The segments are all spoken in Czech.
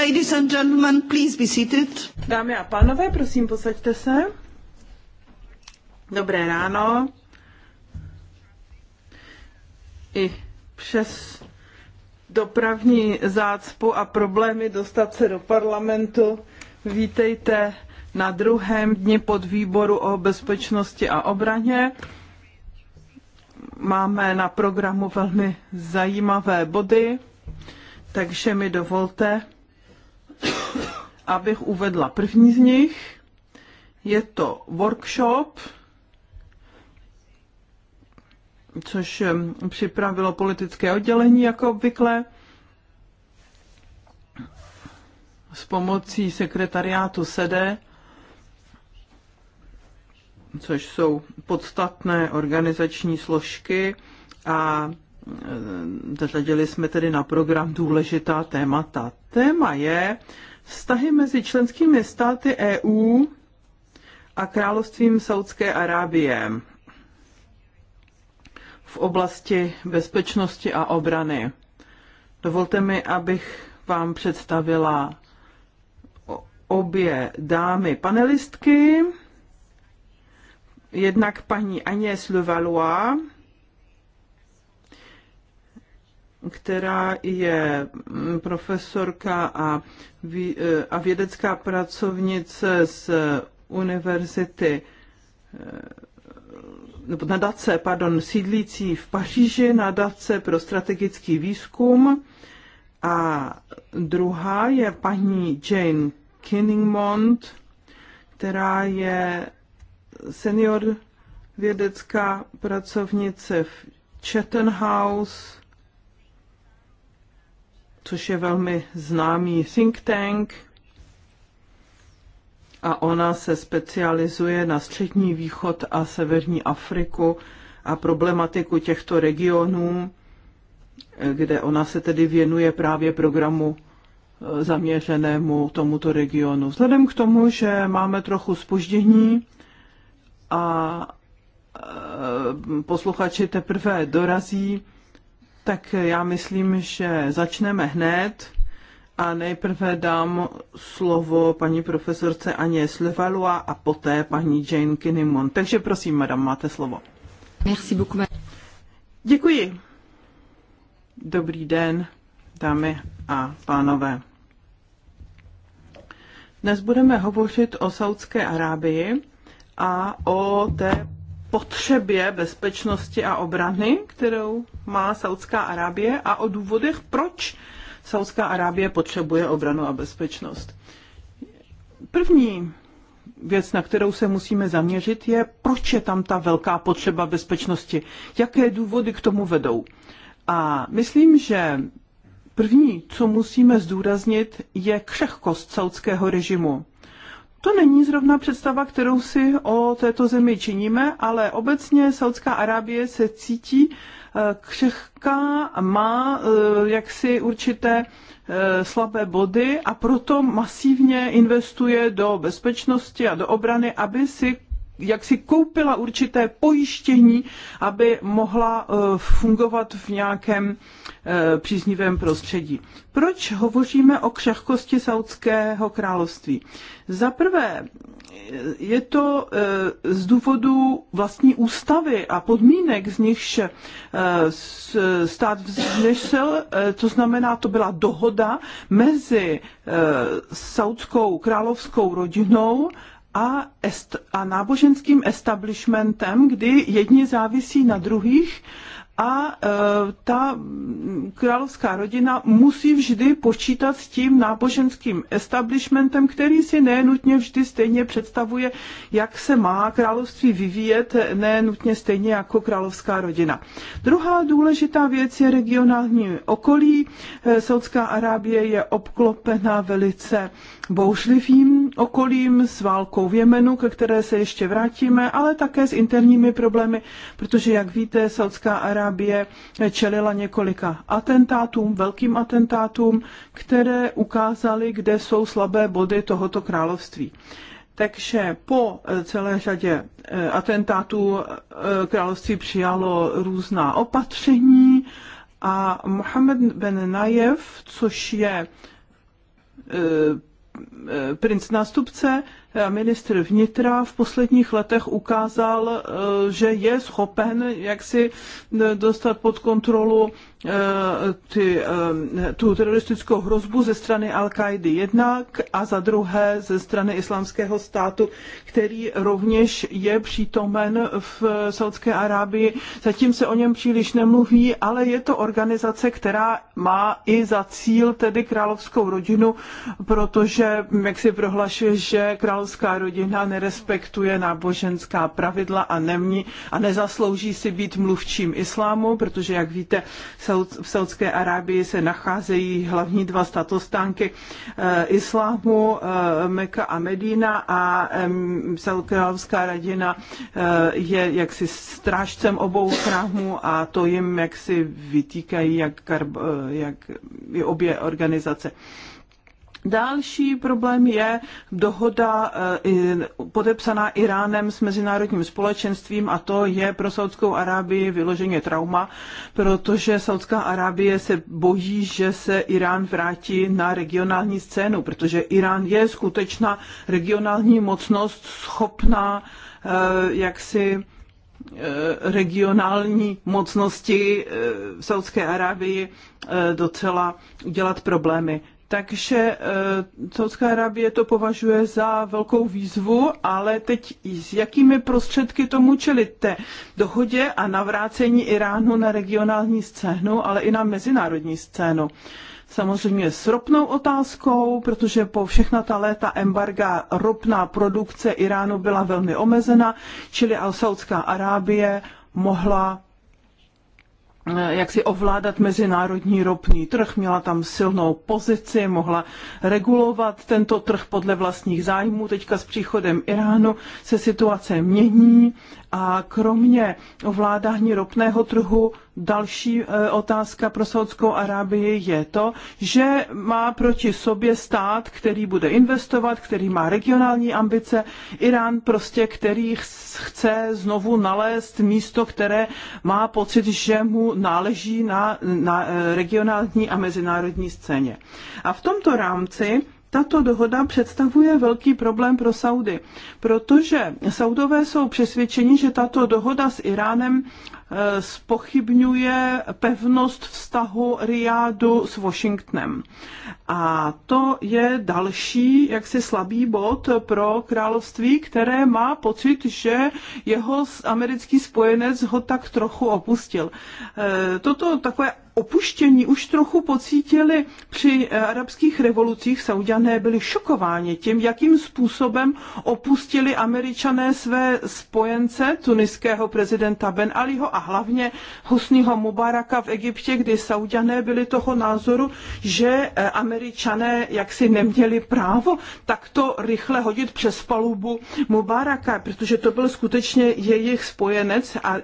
Ladies and gentlemen, please be seated. Dámy a pánové, prosím, posaďte se. Dobré ráno. I přes dopravní zácpu a problémy dostat se do parlamentu, vítejte na druhém dni pod výboru o bezpečnosti a obraně. Máme na programu velmi zajímavé body, takže mi dovolte, abych uvedla první z nich. Je to workshop, což připravilo politické oddělení, jako obvykle, s pomocí sekretariátu SEDE, což jsou podstatné organizační složky a Eh, zařadili jsme tedy na program důležitá témata. Téma je vztahy mezi členskými státy EU a královstvím Saudské Arábie v oblasti bezpečnosti a obrany. Dovolte mi, abych vám představila obě dámy panelistky, jednak paní Agnès Levalois, která je mm, profesorka a, e, a vědecká pracovnice z univerzity e, nebo nadace, pardon, sídlící v Paříži, nadace pro strategický výzkum. A druhá je paní Jane Kinningmont, která je senior vědecká pracovnice v Chatham House což je velmi známý think tank a ona se specializuje na střední východ a severní Afriku a problematiku těchto regionů, kde ona se tedy věnuje právě programu e, zaměřenému tomuto regionu. Vzhledem k tomu, že máme trochu spoždění a e, posluchači teprve dorazí, tak já myslím, že začneme hned a nejprve dám slovo paní profesorce Aně Slevalua a poté paní Jane Kinnimon. Takže prosím, madam, máte slovo. Merci beaucoup. Děkuji. Dobrý den, dámy a pánové. Dnes budeme hovořit o Saudské Arábii a o té potřebě bezpečnosti a obrany, kterou má Saudská Arábie a o důvodech, proč Saudská Arábie potřebuje obranu a bezpečnost. První věc, na kterou se musíme zaměřit, je, proč je tam ta velká potřeba bezpečnosti. Jaké důvody k tomu vedou? A myslím, že první, co musíme zdůraznit, je křehkost saudského režimu. To není zrovna představa, kterou si o této zemi činíme, ale obecně Saudská Arábie se cítí eh, křehká, má eh, jaksi určité eh, slabé body a proto masivně investuje do bezpečnosti a do obrany, aby si jak si koupila určité pojištění, aby mohla fungovat v nějakém Eh, příznivém prostředí. Proč hovoříme o křehkosti Saudského království? Za prvé, je to eh, z důvodu vlastní ústavy a podmínek, z nichž eh, stát vznesl, to znamená, to byla dohoda mezi saudskou královskou rodinou a, est, a náboženským establishmentem, kdy jedni závisí na druhých a e, ta královská rodina musí vždy počítat s tím náboženským establishmentem, který si nenutně vždy stejně představuje, jak se má království vyvíjet, nenutně stejně jako královská rodina. Druhá důležitá věc je regionální okolí. E, Saudská Arábie je obklopena velice bouřlivým okolím s válkou v Jemenu, ke které se ještě vrátíme, ale také s interními problémy, protože, jak víte, Saudská Arábie Arábie čelila několika atentátům, velkým atentátům, které ukázaly, kde jsou slabé body tohoto království. Takže po eh, celé řadě eh, atentátů eh, království přijalo různá opatření a Mohamed Ben Najev, což je princ nástupce, Eh, ministr vnitra v posledních letech ukázal, eh, že je schopen jaksi eh, dostat pod kontrolu ty, tu teroristickou hrozbu ze strany Al-Kaidi jednak a za druhé ze strany islámského státu, který rovněž je přítomen v Saudské Arábii. Zatím se o něm příliš nemluví, ale je to organizace, která má i za cíl tedy královskou rodinu, protože jak si prohlašuje, že král královská rodina nerespektuje náboženská pravidla a, nemní, a nezaslouží si být mluvčím islámu, protože, jak víte, v Saudské Arábii se nacházejí hlavní dva statostánky eh, islámu, eh, Meka a Medina a královská rodina eh, je jaksi strážcem obou chrámů a to jim jaksi vytýkají jak, jak obě organizace. Další problém je dohoda eh, podepsaná Iránem s mezinárodním společenstvím a to je pro Saudskou Arábii vyloženě trauma, protože Saudská Arábie se bojí, že se Irán vrátí na regionální scénu, protože Irán je skutečná regionální mocnost schopná eh, jaksi eh, regionální mocnosti v Saudské Arábii docela udělat problémy. Takže eh, Saudská Arábie to považuje za velkou výzvu, ale teď s jakými prostředky tomu té Dohodě a navrácení Iránu na regionální scénu, ale i na mezinárodní scénu. Samozřejmě s ropnou otázkou, protože po všechna ta léta embarga ropná produkce Iránu byla velmi omezena, čili Al Saudská Arábie mohla Eh, jak si ovládat mezinárodní ropný trh, měla tam silnou pozici, mohla regulovat tento trh podle vlastních zájmů. Teďka s příchodem Iránu se situace mění a kromě ovládání ropného trhu další e, otázka pro Saudskou Arábii je to, že má proti sobě stát, který bude investovat, který má regionální ambice, Irán prostě, který chce znovu nalézt místo, které má pocit, že mu náleží na, na e, regionální a mezinárodní scéně. A v tomto rámci tato dohoda představuje velký problém pro Saudy, protože Saudové jsou přesvědčeni, že tato dohoda s Iránem eh, spochybňuje pevnost vztahu Riádu s Washingtonem. A to je další jaksi slabý bod pro království, které má pocit, že jeho americký spojenec ho tak trochu opustil. Eh, toto takové opuštění už trochu pocítili při eh, arabských revolucích. Saudiané byli šokováni tím, jakým způsobem opustili američané své spojence tuniského prezidenta Ben Aliho a hlavně Husního Mubaraka v Egyptě, kdy Saudiané byli toho názoru, že eh, američané jaksi neměli právo takto rychle hodit přes palubu Mubaraka, protože to byl skutečně jejich spojenec a,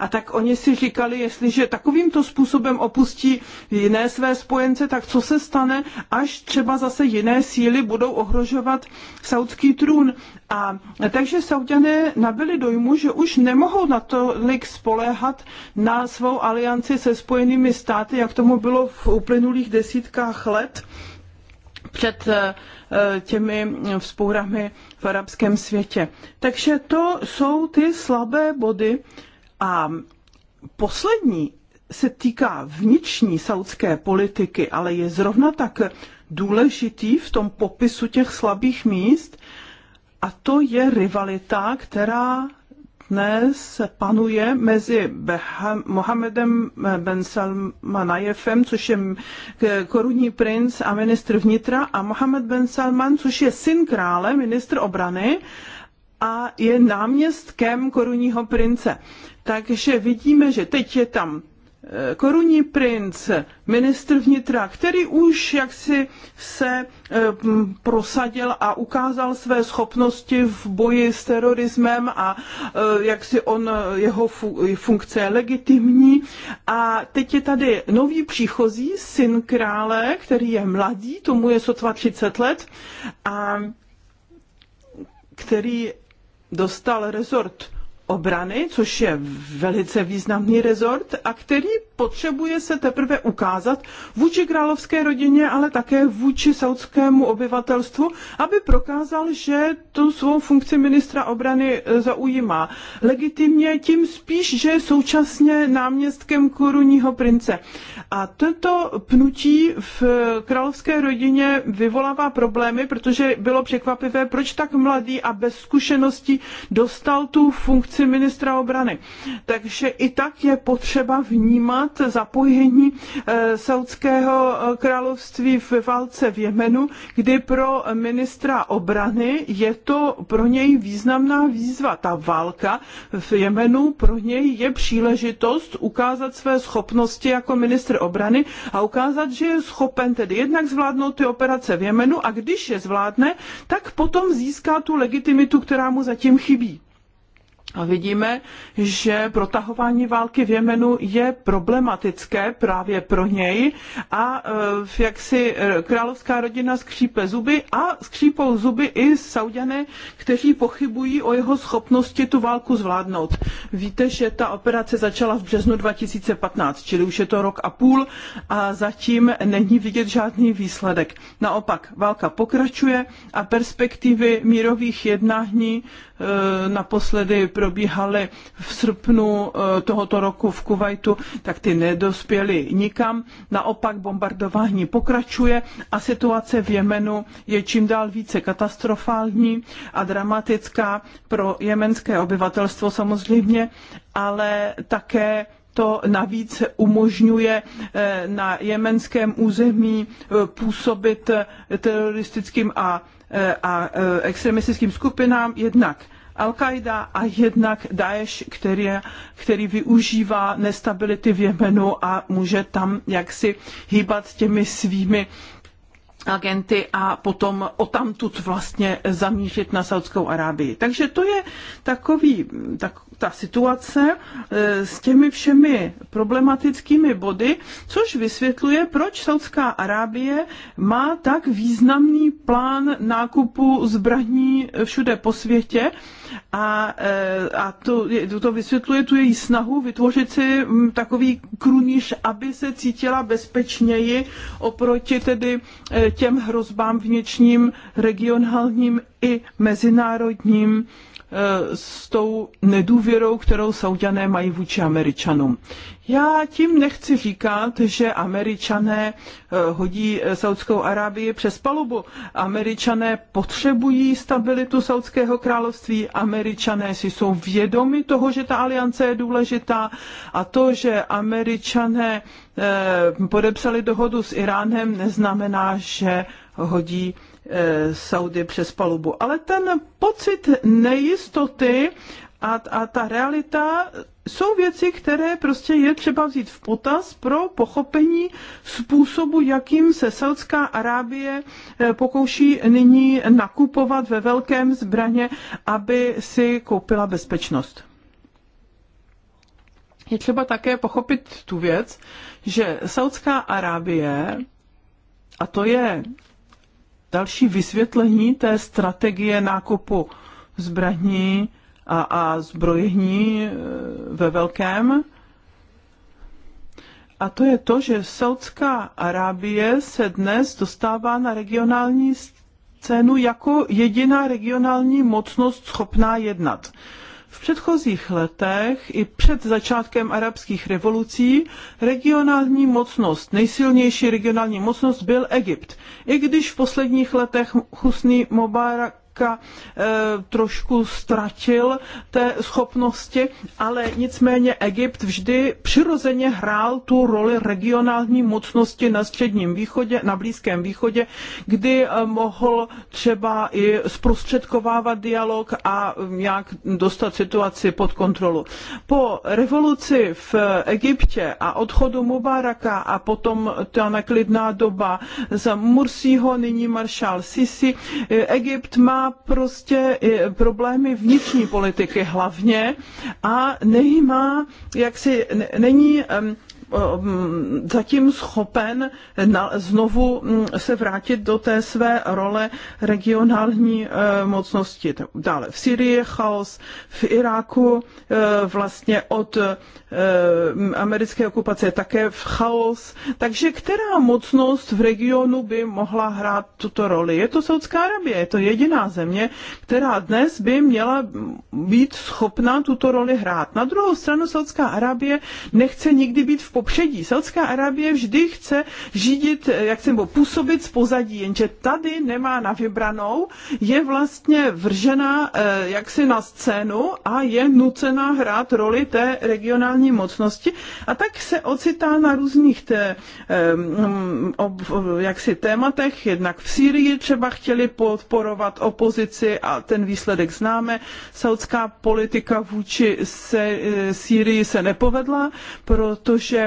a tak oni si říkali, jestliže takovýmto způsobem opustili opustí jiné své spojence, tak co se stane, až třeba zase jiné síly budou ohrožovat saudský trůn. A takže Saudané nabili dojmu, že už nemohou natolik spoléhat na svou alianci se spojenými státy, jak tomu bylo v uplynulých desítkách let před eh, těmi vzpůrami v arabském světě. Takže to jsou ty slabé body. A poslední se týká vnitřní saudské politiky, ale je zrovna tak důležitý v tom popisu těch slabých míst, a to je rivalita, která dnes panuje mezi Mohamedem Ben Salmanajefem, což je korunní princ a ministr vnitra, a Mohamed Ben Salman, což je syn krále, ministr obrany a je náměstkem korunního prince. Takže vidíme, že teď je tam Eh, korunní princ, ministr vnitra, který už jaksi se eh, prosadil a ukázal své schopnosti v boji s terorismem a eh, jak si on, jeho funkce je legitimní. A teď je tady nový příchozí, syn krále, který je mladý, tomu je sotva 30 let a který dostal rezort obrany, což je velice významný rezort a který potřebuje se teprve ukázat vůči královské rodině, ale také vůči saudskému obyvatelstvu, aby prokázal, že tu svou funkci ministra obrany eh, zaujímá. Legitimně tím spíš, že je současně náměstkem korunního prince. A tento pnutí v královské rodině vyvolává problémy, protože bylo překvapivé, proč tak mladý a bez zkušeností dostal tu funkci funkci ministra obrany. Takže i tak je potřeba vnímat zapojení eh, Saudského eh, království v válce v Jemenu, kdy pro ministra obrany je to pro něj významná výzva. Ta válka v Jemenu pro něj je příležitost ukázat své schopnosti jako ministr obrany a ukázat, že je schopen tedy jednak zvládnout ty operace v Jemenu a když je zvládne, tak potom získá tu legitimitu, která mu zatím chybí. A vidíme, že protahování války v Jemenu je problematické právě pro něj a e, jak si e, královská rodina skřípe zuby a skřípou zuby i saudiané, kteří pochybují o jeho schopnosti tu válku zvládnout. Víte, že ta operace začala v březnu 2015, čili už je to rok a půl a zatím není vidět žádný výsledek. Naopak, válka pokračuje a perspektivy mírových jednání Eh, naposledy probíhaly v srpnu eh, tohoto roku v Kuwaitu, tak ty nedospěly nikam. Naopak bombardování pokračuje a situace v Jemenu je čím dál více katastrofální a dramatická pro jemenské obyvatelstvo samozřejmě, ale také to navíc umožňuje eh, na jemenském území působit teroristickým a Eh, a eh, extremistickým skupinám, jednak Al-Qaida a jednak Daesh, který, který využívá nestability v Jemenu a může tam jaksi hýbat těmi svými agenty a potom odtamtud vlastně zamířit na Saudskou Arábii. Takže to je takový, tak, ta situace e, s těmi všemi problematickými body, což vysvětluje, proč Saudská Arábie má tak významný plán nákupu zbraní všude po světě a, e, a to, to vysvětluje tu její snahu vytvořit si takový kruniš, aby se cítila bezpečněji oproti tedy e, těm hrozbám vnitřním, regionálním i mezinárodním, Eh, s tou nedůvěrou, kterou Saudiané mají vůči Američanům. Já tím nechci říkat, že Američané eh, hodí eh, Saudskou Arábii přes palubu. Američané potřebují stabilitu Saudského království, Američané si jsou vědomi toho, že ta aliance je důležitá a to, že Američané podepsali dohodu s Iránem, neznamená, že hodí E, Saudy přes palubu. Ale ten pocit nejistoty a, a ta realita jsou věci, které prostě je třeba vzít v potaz pro pochopení způsobu, jakým se Saudská Arábie e, pokouší nyní nakupovat ve velkém zbraně, aby si koupila bezpečnost. Je třeba také pochopit tu věc, že Saudská Arábie, a to je další vysvětlení té strategie nákupu zbraní a, a zbrojení eh, ve velkém. A to je to, že Saudská Arábie se dnes dostává na regionální scénu jako jediná regionální mocnost schopná jednat. V předchozích letech i před začátkem arabských revolucí regionální mocnost, nejsilnější regionální mocnost byl Egypt. I když v posledních letech Husný Mubarak e, trošku ztratil té schopnosti, ale nicméně Egypt vždy přirozeně hrál tu roli regionální mocnosti na středním východě, na Blízkém východě, kdy eh, mohl třeba i zprostředkovávat dialog a hm, nějak dostat situaci pod kontrolu. Po revoluci v Egyptě a odchodu Mubaraka a potom ta neklidná doba za Mursího, nyní maršál Sisi, eh, Egypt má prostě problémy vnitřní politiky hlavně a nemá, jak si není um, Eh, zatím schopen na, znovu hm, se vrátit do té své role regionální eh, mocnosti. Dále v Syrii chaos, v Iráku eh, vlastně od americké okupace také v chaos. Takže která mocnost v regionu by mohla hrát tuto roli? Je to Saudská Arabie, je to jediná země, která dnes by měla být schopná tuto roli hrát. Na druhou stranu Saudská Arabie nechce nikdy být v popředí. Saudská Arábie vždy chce řídit, eh, jak se působit z pozadí, jenže tady nemá na vybranou, je vlastně vržena eh, jaksi na scénu a je nucena hrát roli té regionální mocnosti a tak se ocitá na různých té, mm, jaksi tématech, jednak v Sýrii třeba chtěli podporovat opozici a ten výsledek známe. Saudská politika vůči se, eh, Sýrii se nepovedla, protože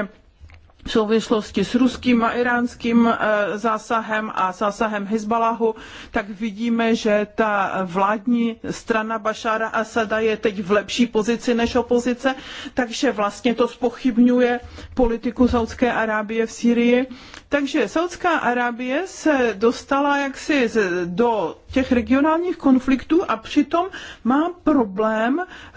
v souvislosti s ruským a iránským eh, zásahem a zásahem Hezbalahu, tak vidíme, že ta vládní strana Bašára Asada je teď v lepší pozici než opozice, takže vlastně to spochybňuje politiku Saudské Arábie v Sýrii. Takže Saudská Arábie se dostala jaksi do těch regionálních konfliktů a přitom má problém eh,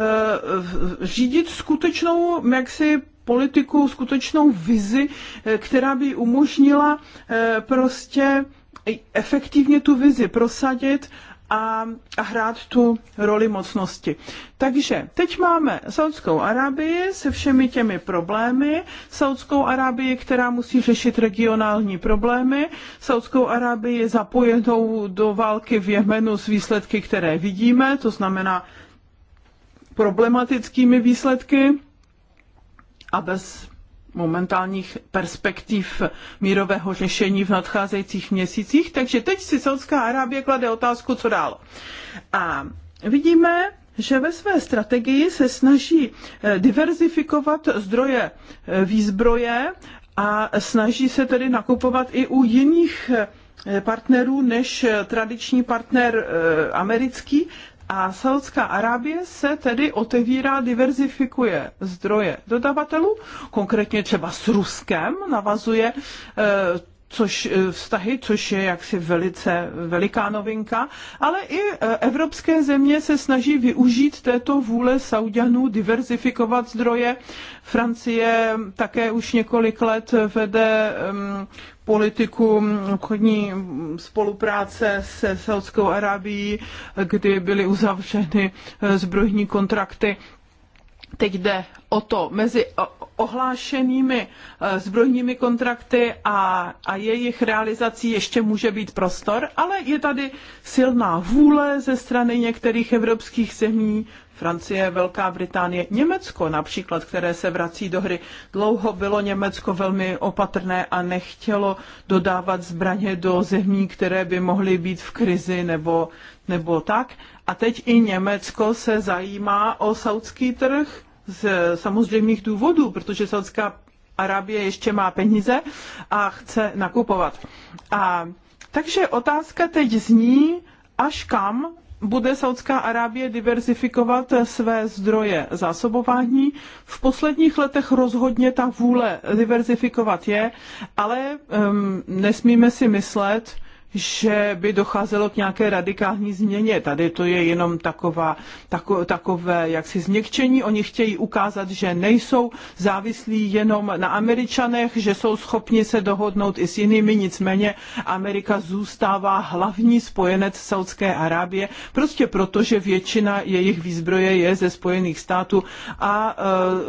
řídit skutečnou jaksi politiku, skutečnou vizi, eh, která by umožnila eh, prostě efektivně tu vizi prosadit a, a hrát tu roli mocnosti. Takže teď máme Saudskou Arabii se všemi těmi problémy, Saudskou Arabii, která musí řešit regionální problémy, Saudskou Arabii zapojenou do války v Jemenu s výsledky, které vidíme, to znamená problematickými výsledky, a bez momentálních perspektiv mírového řešení v nadcházejících měsících. Takže teď si Saudská Arábie klade otázku, co dál. A vidíme, že ve své strategii se snaží eh, diverzifikovat zdroje eh, výzbroje a snaží se tedy nakupovat i u jiných eh, partnerů než tradiční partner americký, a Saudská Arábie se tedy otevírá, diverzifikuje zdroje dodavatelů, konkrétně třeba s Ruskem navazuje eh, což eh, vztahy, což je jaksi velice veliká novinka, ale i eh, evropské země se snaží využít této vůle Saudianů diverzifikovat zdroje. Francie také už několik let vede politiku obchodní spolupráce se Saudskou Arábií, kdy byly uzavřeny eh, zbrojní kontrakty Teď jde o to mezi ohlášenými e, zbrojními kontrakty a, a jejich realizací ještě může být prostor, ale je tady silná vůle ze strany některých evropských zemí, Francie, Velká Británie, Německo například, které se vrací do hry. Dlouho bylo Německo velmi opatrné a nechtělo dodávat zbraně do zemí, které by mohly být v krizi nebo, nebo tak. A teď i Německo se zajímá o saudský trh z samozřejmých důvodů, protože Saudská Arábie ještě má peníze a chce nakupovat. A takže otázka teď zní, až kam bude Saudská Arábie diverzifikovat své zdroje zásobování. V posledních letech rozhodně ta vůle diverzifikovat je, ale um, nesmíme si myslet, že by docházelo k nějaké radikální změně. Tady to je jenom taková, tako, takové jaksi změkčení. Oni chtějí ukázat, že nejsou závislí jenom na Američanech, že jsou schopni se dohodnout i s jinými, nicméně Amerika zůstává hlavní spojenec Saudské Arábie, prostě proto, že většina jejich výzbroje je ze Spojených států a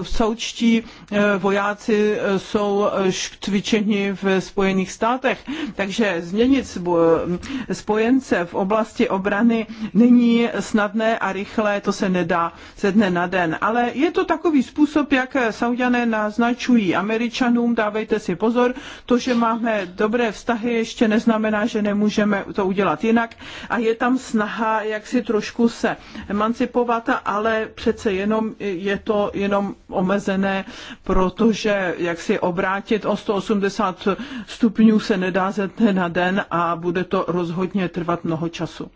e, součtí e, vojáci e, jsou e, cvičeni v Spojených státech. Takže změnit Eh, spojence v oblasti obrany není snadné a rychlé, to se nedá ze dne na den. Ale je to takový způsob, jak Saudiané naznačují Američanům, dávejte si pozor, to, že máme dobré vztahy, ještě neznamená, že nemůžeme to udělat jinak. A je tam snaha, jak si trošku se emancipovat, ale přece jenom je to jenom omezené, protože jak si obrátit o 180 stupňů se nedá ze dne na den a bude to rozhodně trvat mnoho času.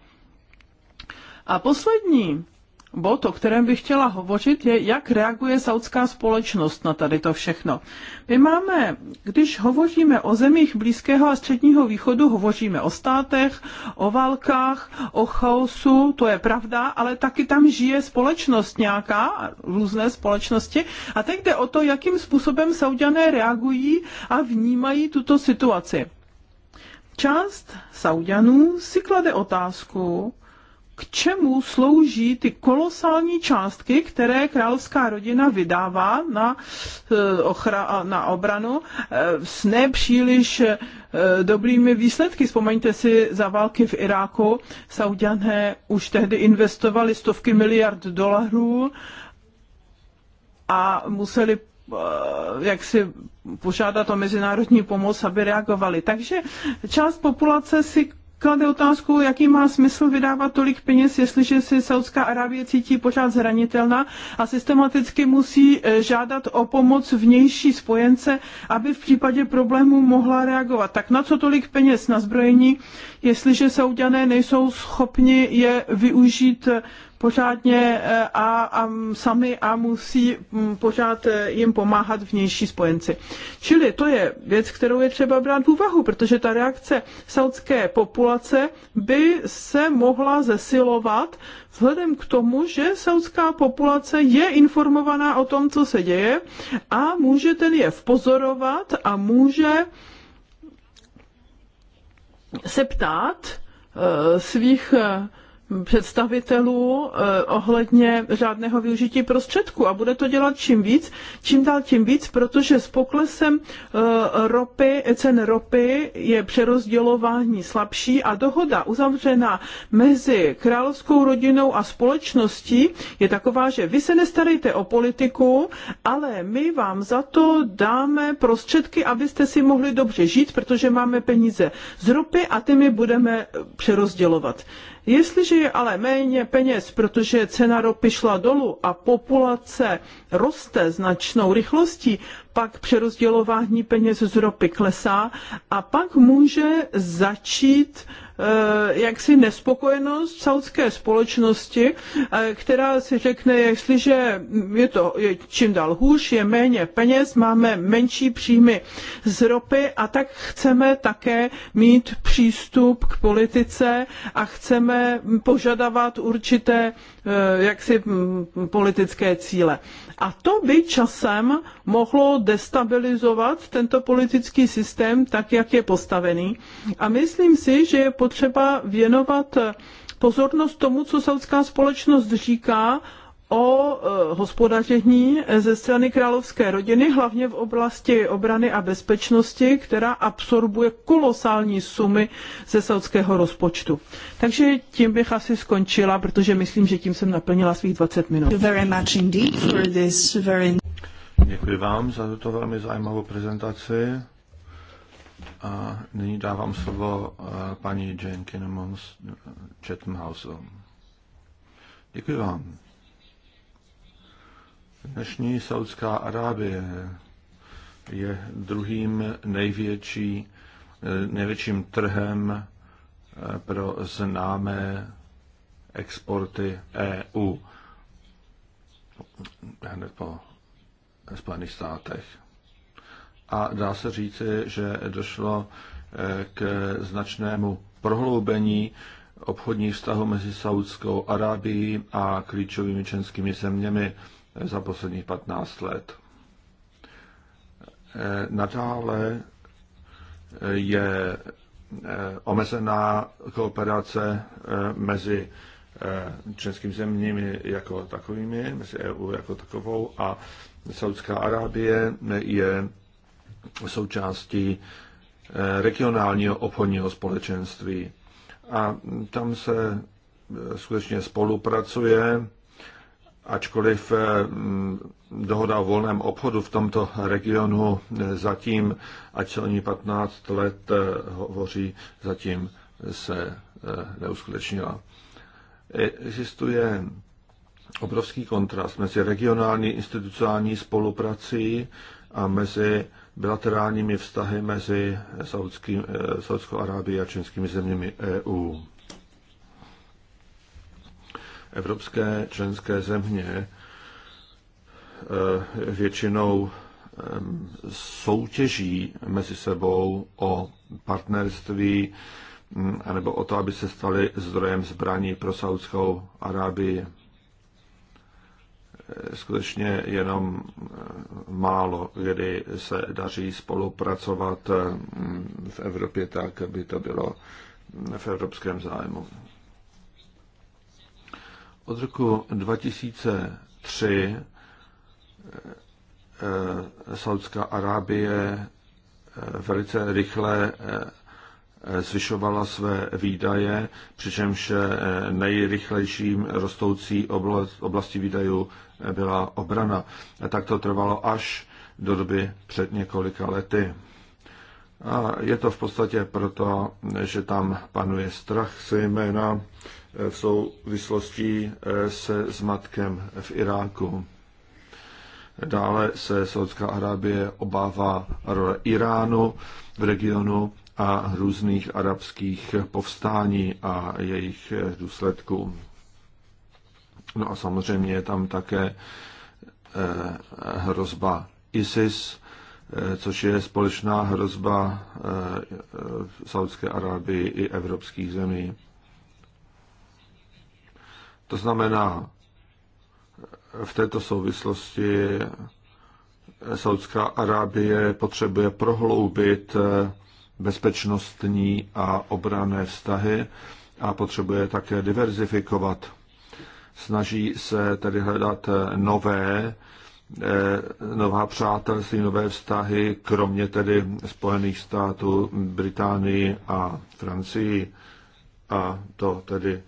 A poslední bod, o kterém bych chtěla hovořit, je, jak reaguje saudská společnost na tady to všechno. My máme, když hovoříme o zemích Blízkého a Středního východu, hovoříme o státech, o válkách, o chaosu, to je pravda, ale taky tam žije společnost nějaká, různé společnosti. A teď jde o to, jakým způsobem Saudiané reagují a vnímají tuto situaci. Část Saudianů si klade otázku, k čemu slouží ty kolosální částky, které královská rodina vydává na, eh, ochra, na obranu eh, s nepříliš eh, dobrými výsledky. Vzpomeňte si za války v Iráku. Saudiané už tehdy investovali stovky miliard dolarů a museli jak si požádat o mezinárodní pomoc, aby reagovali. Takže část populace si klade otázku, jaký má smysl vydávat tolik peněz, jestliže si Saudská Arábie cítí pořád zranitelná a systematicky musí e, žádat o pomoc vnější spojence, aby v případě problému mohla reagovat. Tak na co tolik peněz na zbrojení, jestliže Saudiané nejsou schopni je využít pořádně eh, a, a sami a musí mm, pořád eh, jim pomáhat vnější spojenci. Čili to je věc, kterou je třeba brát v úvahu, protože ta reakce saudské populace by se mohla zesilovat vzhledem k tomu, že saudská populace je informovaná o tom, co se děje a může ten je vpozorovat a může se ptát eh, svých představitelů eh, ohledně řádného využití prostředků a bude to dělat čím víc, čím dál tím víc, protože s poklesem eh, ropy, cen ropy je přerozdělování slabší a dohoda uzavřená mezi královskou rodinou a společností je taková, že vy se nestarejte o politiku, ale my vám za to dáme prostředky, abyste si mohli dobře žít, protože máme peníze z ropy a ty my budeme přerozdělovat. Jestliže je ale méně peněz, protože cena ropy šla dolů a populace roste značnou rychlostí, pak přerozdělování peněz z ropy klesá a pak může začít eh, jaksi nespokojenost saudské společnosti, eh, která si řekne, jestliže je to je čím dál hůř, je méně peněz, máme menší příjmy z ropy a tak chceme také mít přístup k politice a chceme požadovat určité eh, jaksi politické cíle. A to by časem mohlo destabilizovat tento politický systém tak, jak je postavený. A myslím si, že je potřeba věnovat pozornost tomu, co saudská společnost říká o eh, hospodaření ze strany královské rodiny, hlavně v oblasti obrany a bezpečnosti, která absorbuje kolosální sumy ze saudského rozpočtu. Takže tím bych asi skončila, protože myslím, že tím jsem naplnila svých 20 minut. Děkuji vám za tuto velmi zajímavou prezentaci. A nyní dávám slovo eh, paní Jane Kinemons Chatham Děkuji vám. Dnešní Saudská Arábie je druhým největší, eh, největším trhem eh, pro známé exporty EU hned po Spojených státech. A dá se říci, že došlo eh, k značnému prohloubení obchodních vztahů mezi Saudskou Arábií a klíčovými členskými zeměmi za posledních 15 let. Eh, nadále eh, je eh, omezená kooperace mezi českými zeměmi jako takovými, mezi EU jako takovou a Saudská Arábie je součástí regionálního obchodního společenství. A tam se skutečně spolupracuje ačkoliv eh, dohoda o volném obchodu v tomto regionu eh, zatím, ať se o ní 15 let eh, hovoří, zatím se neuskutečnila. Existuje obrovský kontrast mezi regionální institucionální spoluprací a mezi bilaterálními vztahy mezi Saudskou Arábií a čínskými zeměmi EU evropské členské země eh, většinou eh, soutěží mezi sebou o partnerství hm, anebo o to, aby se staly zdrojem zbraní pro Saudskou Arábii. Eh, skutečně jenom málo, kdy se daří spolupracovat hm, v Evropě tak, aby to bylo v evropském zájmu. Od roku 2003 eh, eh, Saudská Arábie eh, velice rychle zvyšovala své výdaje, přičemž nejrychlejším rostoucí oblastí výdajů byla obrana. A tak to trvalo až do doby před několika lety. A je to v podstatě proto, že tam panuje strach, jména v souvislosti eh, se zmatkem v Iráku. Dále se Saudská Arábie obává role Iránu v regionu a různých arabských povstání a jejich eh, důsledků. No a samozřejmě je tam také eh, hrozba ISIS, což je společná hrozba Saudské Arábie i evropských zemí. To znamená, v této souvislosti Saudská Arábie potřebuje prohloubit bezpečnostní a obrané vztahy a potřebuje také diverzifikovat. Snaží se tedy hledat nové, eh, nová přátelství, nové vztahy, kromě tedy Spojených států, Británii a Francii. A to tedy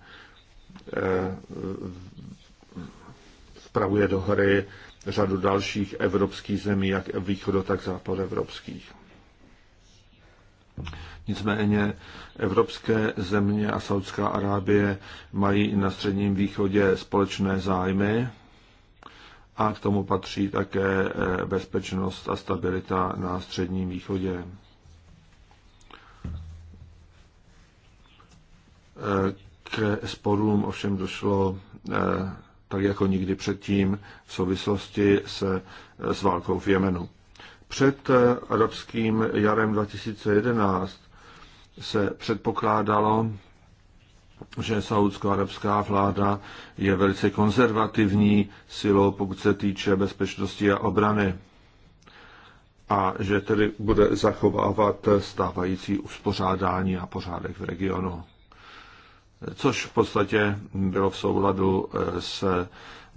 spravuje eh, do hry řadu dalších evropských zemí, jak východo, tak západevropských. Nicméně evropské země a Saudská Arábie mají na Středním východě společné zájmy a k tomu patří také eh, bezpečnost a stabilita na Středním východě. Eh, k sporům ovšem došlo eh, tak jako nikdy předtím v souvislosti se, eh, s válkou v Jemenu. Před eh, arabským jarem 2011 se předpokládalo, že saudsko-arabská vláda je velice konzervativní silou, pokud se týče bezpečnosti a obrany a že tedy bude zachovávat stávající uspořádání a pořádek v regionu což v podstatě bylo v souladu eh, s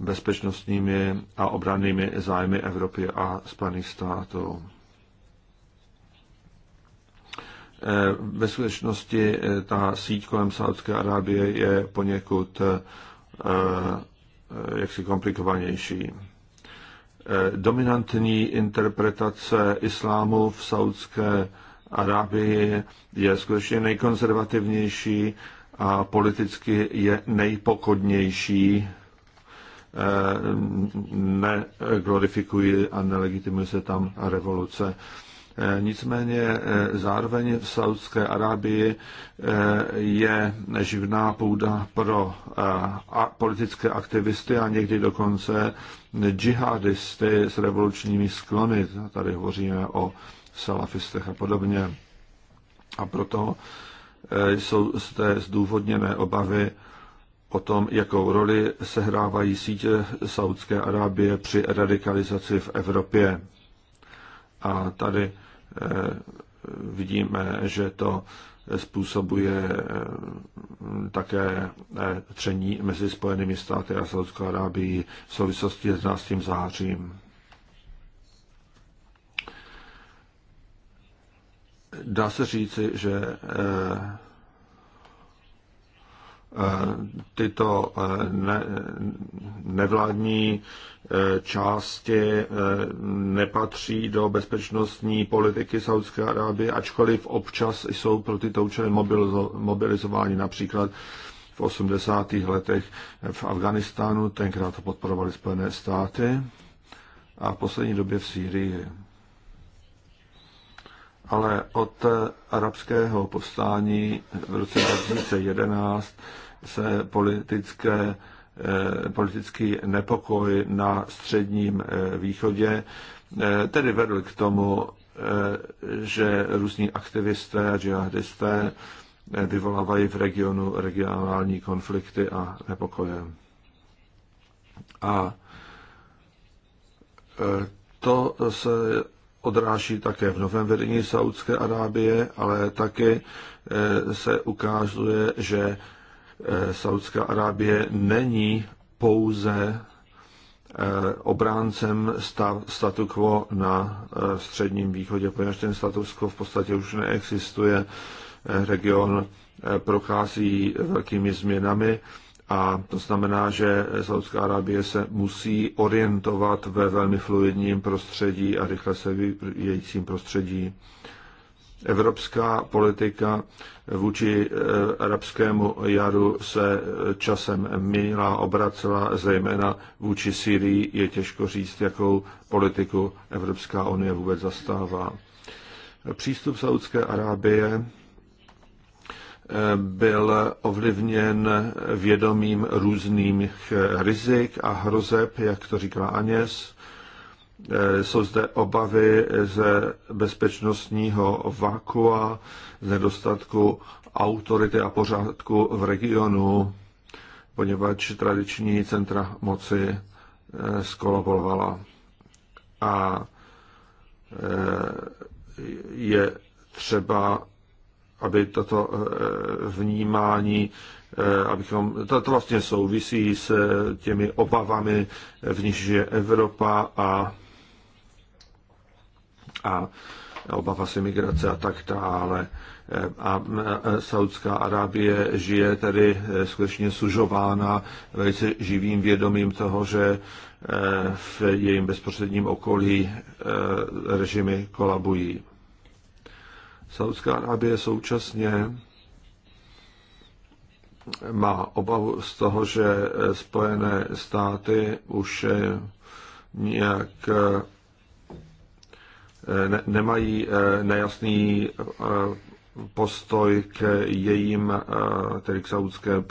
bezpečnostními a obrannými zájmy Evropy a Spojených států. Eh, ve skutečnosti eh, ta síť kolem Saudské Arábie je poněkud jaksi komplikovanější. Dominantní interpretace islámu v Saudské Arábii je skutečně nejkonzervativnější a politicky je nejpokodnější. Eh, neglorifikuje a nelegitimuje se tam revoluce. Eh, nicméně eh, zároveň v Saudské Arábii je živná půda pro politické aktivisty a někdy dokonce džihadisty s revolučními sklony. Tady hovoříme o salafistech a podobně. A proto Eh, jsou zde zdůvodněné obavy o tom, jakou roli sehrávají sítě Saudské Arábie při radikalizaci v Evropě. A tady eh, vidíme, že to způsobuje eh, také tření mezi Spojenými státy a Saudskou Arábií v souvislosti s 11. zářím. dá se říci, že eh, eh, tyto eh, nevládní části nepatří do bezpečnostní politiky Saudské Arábie, ačkoliv občas jsou pro tyto účely mobilizováni například v 80. letech v Afganistánu, tenkrát to podporovali Spojené státy a v poslední době v Sýrii ale od arabského povstání v roce 2011 se politické, eh, politický nepokoj na středním eh, východě eh, tedy vedl k tomu, že různí aktivisté a džihadisté vyvolávají v regionu regionální konflikty a nepokoje. A to se odráží také v novém vedení Saudské Arábie, ale taky eh, se ukazuje, že eh, Saudská Arábie není pouze eh, obráncem statu quo na středním východě, poněvadž ten status quo v podstatě už neexistuje. Region prochází velkými změnami a to znamená, že Saudská Arábie se musí orientovat ve velmi fluidním prostředí a rychle se vyvíjejícím prostředí. Evropská politika vůči eh, arabskému jaru se časem měnila, obracela, zejména vůči Syrii je těžko říct, jakou politiku Evropská unie vůbec zastává. Přístup Saudské Arábie byl ovlivněn vědomím různých rizik a hrozeb, jak to říkala Aněs. Jsou zde obavy ze bezpečnostního vakua, z nedostatku autority a pořádku v regionu, poněvadž tradiční centra moci eh, skolabovala. A eh, je třeba aby toto eh, vnímání, eh, abychom, to, to vlastně souvisí s eh, těmi obavami, v níž je Evropa a, a obava se imigrace a tak dále. A Saudská Arábie žije tedy skutečně sužována velice živým vědomím toho, že v jejím bezprostředním okolí režimy kolabují. Saudská Arábie současně má obavu z toho, že Spojené státy už eh, nějak eh, nemají eh, nejasný postoj k jejím, tedy k saudské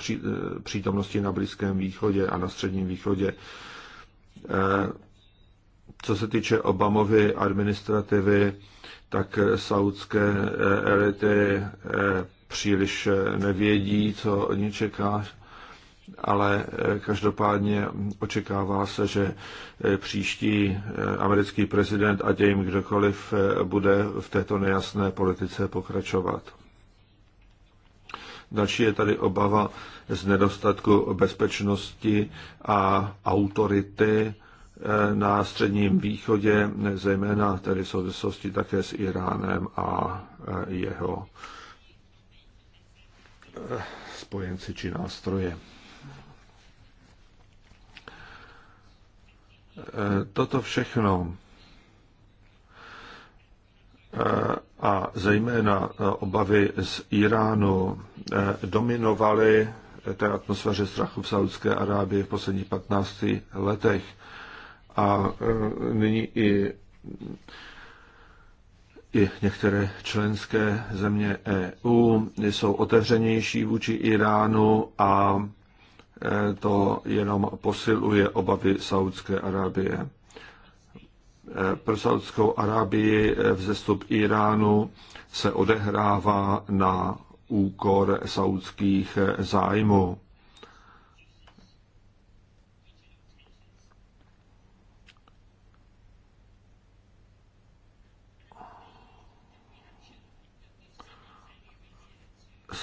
přítomnosti na Blízkém východě a na Středním východě. Co se týče Obamovy administrativy, tak eh, saudské eh, elity eh, příliš nevědí, co od ní čeká, ale každopádně očekává se, že příští americký prezident, a jim kdokoliv, bude v této nejasné politice pokračovat. Další je tady obava z nedostatku bezpečnosti a autority Eh, na Středním východě, zejména tedy v souvislosti také s Iránem a eh, jeho eh, spojenci či nástroje. Toto všechno a zejména obavy z Iránu dominovaly té atmosféře strachu v Saudské Arábii v posledních 15 letech a e, nyní i, i některé členské země EU jsou otevřenější vůči Iránu a e, to jenom posiluje obavy Saudské Arábie. E, pro Saudskou Arábii vzestup Iránu se odehrává na úkor saudských zájmů.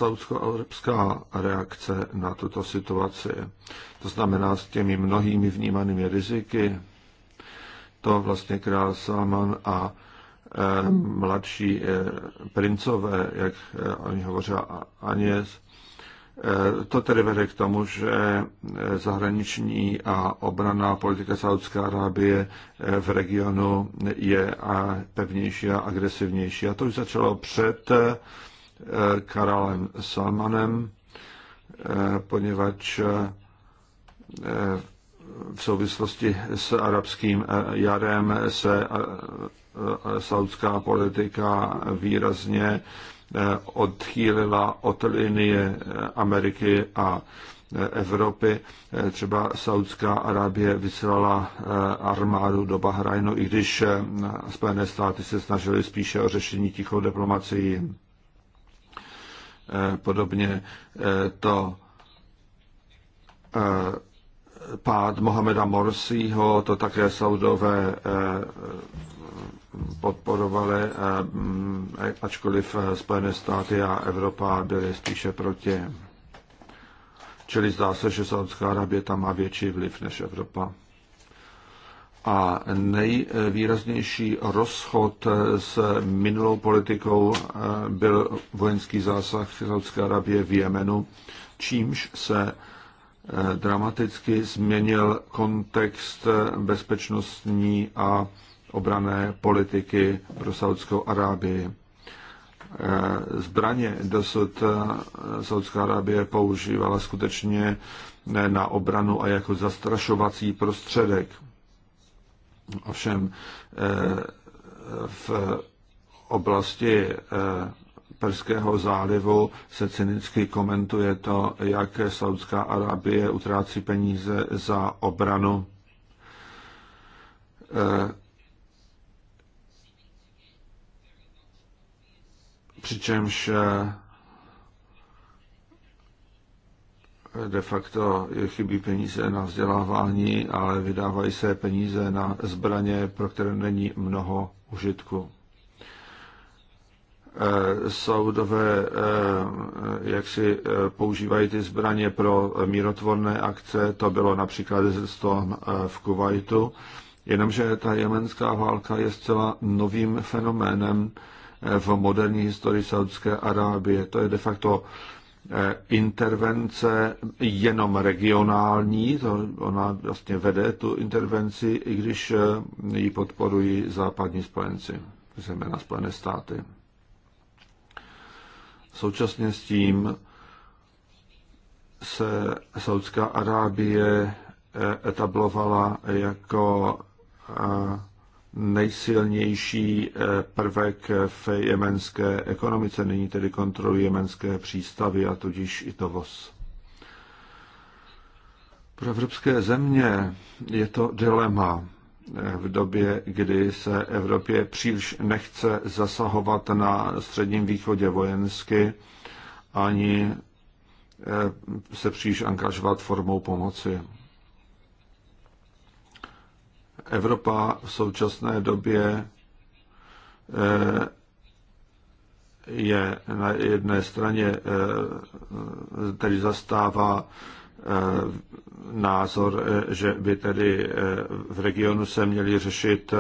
saudsko arabská reakce na tuto situaci, to znamená s těmi mnohými vnímanými riziky, to vlastně král Salman a e, mladší e, princové, jak e, oni hovoří, Aněz, to tedy vede k tomu, že zahraniční a obraná politika Saudské Arábie v regionu je a pevnější a agresivnější. A to už začalo před Eh, Karalem Salmanem, eh, poněvadž eh, v souvislosti s arabským jarem se saudská politika výrazně odchýlila od linie Ameriky a Evropy. Třeba Saudská Arábie vysílala armádu do Bahrajnu, i když Spojené státy se snažily spíše o řešení tichou diplomacií. Eh, podobně eh, to eh, pád Mohameda Morsího, to také Saudové podporovali, ačkoliv Spojené státy a Evropa byly spíše proti. Čili zdá se, že Saudská Arabie tam má větší vliv než Evropa. A nejvýraznější rozchod s minulou politikou eh, byl vojenský zásah Saudské Arabie v Jemenu, čímž se eh, dramaticky změnil kontext bezpečnostní a obrané politiky pro Saudskou Arábii. Eh, zbraně dosud Saudská Arábie používala skutečně na obranu a jako zastrašovací prostředek. Ovšem eh, v oblasti eh, Perského zálivu se cynicky komentuje to, jak Saudská Arábie utrácí peníze za obranu. Eh, přičemž de facto chybí peníze na vzdělávání, ale vydávají se peníze na zbraně, pro které není mnoho užitku. Eh, Saudové eh, jak si eh, používají ty zbraně pro mírotvorné akce, to bylo například Zeston v Kuwaitu, jenomže ta jemenská válka je zcela novým fenoménem v moderní historii Saudské Arábie. To je de facto Eh, intervence jenom regionální, to ona vlastně vede tu intervenci, i když eh, ji podporují západní spojenci, zejména Spojené státy. Současně s tím se Saudská Arábie eh, etablovala jako nejsilnější eh, prvek v jemenské ekonomice. Nyní tedy kontroluje jemenské přístavy a tudíž i dovoz. Pro evropské země je to dilema eh, v době, kdy se Evropě příliš nechce zasahovat na Středním východě vojensky, ani eh, se příliš angažovat formou pomoci. Evropa v současné době eh, je na jedné straně, eh, tedy zastává eh, názor, že by tedy v regionu se měly řešit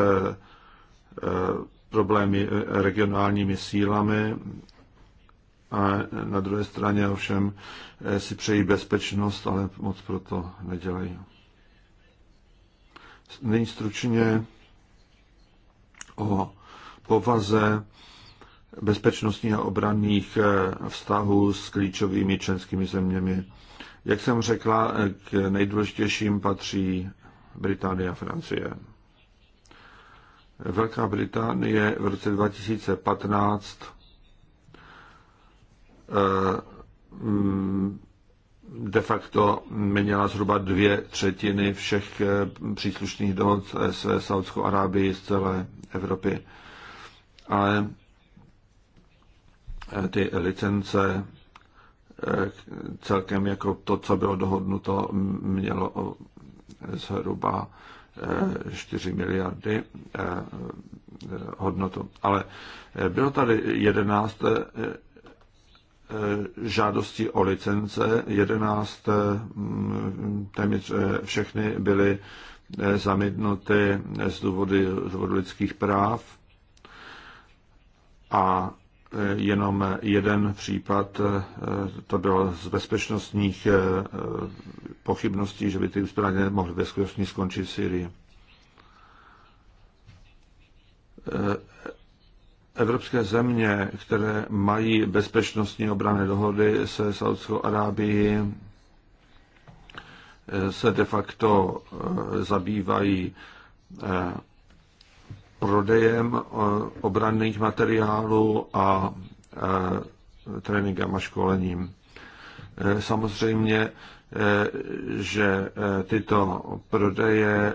problémy regionálními sílami a na druhé straně ovšem si přejí bezpečnost, ale moc proto nedělají. Nyní stručně o povaze bezpečnostních a obranných eh, vztahů s klíčovými členskými zeměmi. Jak jsem řekla, eh, k nejdůležitějším patří Británie a Francie. Velká Británie v roce 2015 eh, de facto měla zhruba dvě třetiny všech eh, příslušných dohod s Saudskou Arábií z celé Evropy. Ale eh, ty licence eh, celkem jako to, co bylo dohodnuto, mělo zhruba 4 miliardy hodnotu. Ale bylo tady 11 žádosti o licence, 11 mm, téměř eh, všechny byly eh, zamítnuty z důvodu, z důvodu lidských práv a eh, jenom jeden případ, to byl z bezpečnostních pochybností, že by ty zbraně mohly bezpečnostně skončit v Syrii. Evropské země, které mají bezpečnostní obrané dohody se Saudskou Arábií, se de facto eh, zabývají eh, prodejem eh, obranných materiálů a tréninkem a školením. Samozřejmě, že tyto prodeje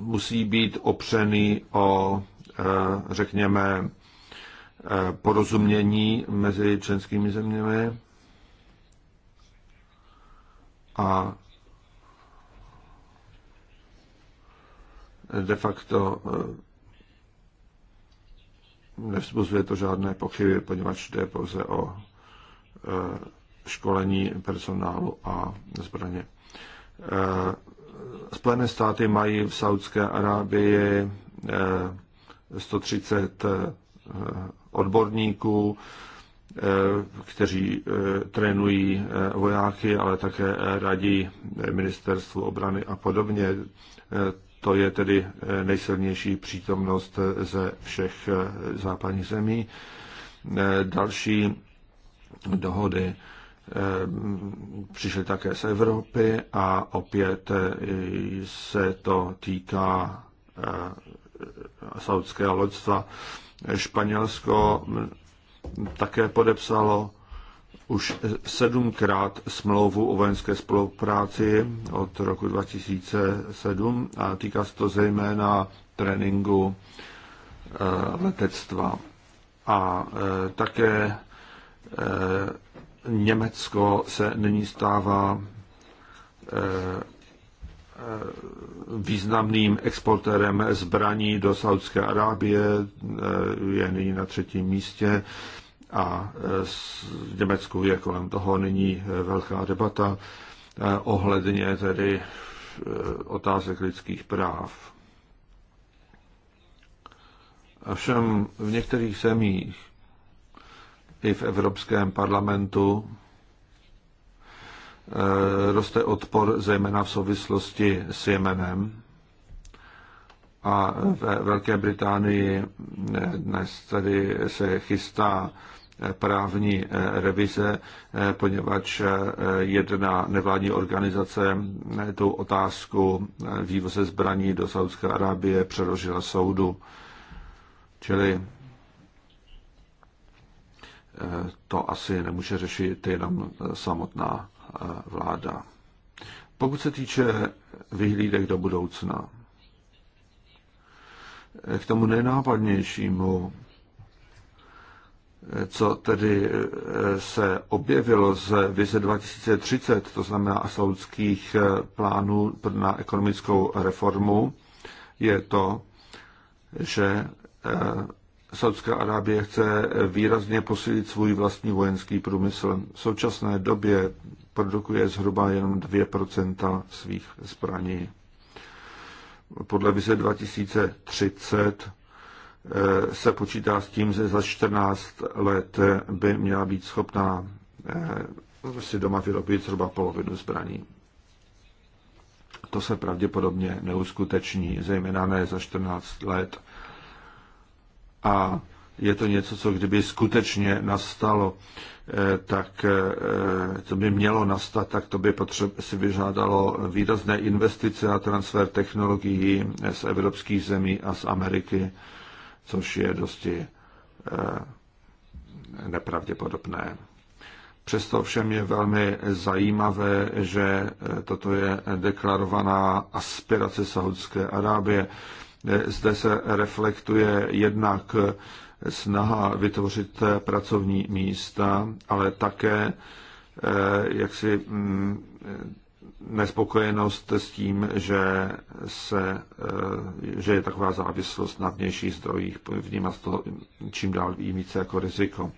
musí být opřeny o Eh, řekněme, eh, porozumění mezi členskými zeměmi a de facto eh, nevzbuzuje to žádné pochyby, poněvadž jde pouze o školení personálu a zbraně. Spojené státy mají v Saudské Arábii 130 eh, odborníků, eh, kteří eh, trénují vojáky, ale také radí ministerstvu obrany a podobně. To je tedy nejsilnější přítomnost ze všech západních zemí. Další dohody přišly také z Evropy a opět se to týká saudského loďstva. Španělsko také podepsalo už sedmkrát smlouvu o vojenské spolupráci od roku 2007 a týká se to zejména tréninku eh, letectva. A eh, také eh, Německo se nyní stává Eh, významným exportérem zbraní do Saudské Arábie, eh, je nyní na třetím místě a eh, v Německu je kolem toho nyní velká debata ohledně tedy otázek lidských práv. všem v některých zemích i v Evropském parlamentu Eh, roste odpor zejména v souvislosti s Jemenem. A ve Velké Británii eh, dnes tady se chystá eh, právní revize, poněvadž jedna nevládní organizace tu otázku vývoze zbraní do Saudské Arábie přeložila soudu. Čili to asi nemůže řešit jenom samotná vláda. Pokud se týče vyhlídek do budoucna, k tomu nejnápadnějšímu, co tedy eh, se objevilo z vize 2030, to znamená saudských eh, plánů na ekonomickou reformu, je to, že eh, Saudská Arábie chce výrazně posílit svůj vlastní vojenský průmysl. V současné době produkuje zhruba jenom 2% svých zbraní. Podle vize 2030 eh, se počítá s tím, že za 14 let by měla být schopná eh, si doma vyrobit zhruba polovinu zbraní. To se pravděpodobně neuskuteční, zejména ne za 14 let. A je to něco, co kdyby skutečně nastalo, Eh, tak co eh, by mělo nastat, tak to by potřeb, si vyžádalo výrazné investice a transfer technologií eh, z evropských zemí a z Ameriky, což je dosti nepravděpodobné. Přesto všem je velmi zajímavé, že toto je deklarovaná aspirace Saudské Arábie. Zde se reflektuje jednak snaha vytvořit pracovní místa, ale také eh, jaksi mm, nespokojenost s tím, že, se, eh, že je taková závislost na vnějších zdrojích, vnímat to čím dál i více jako riziko.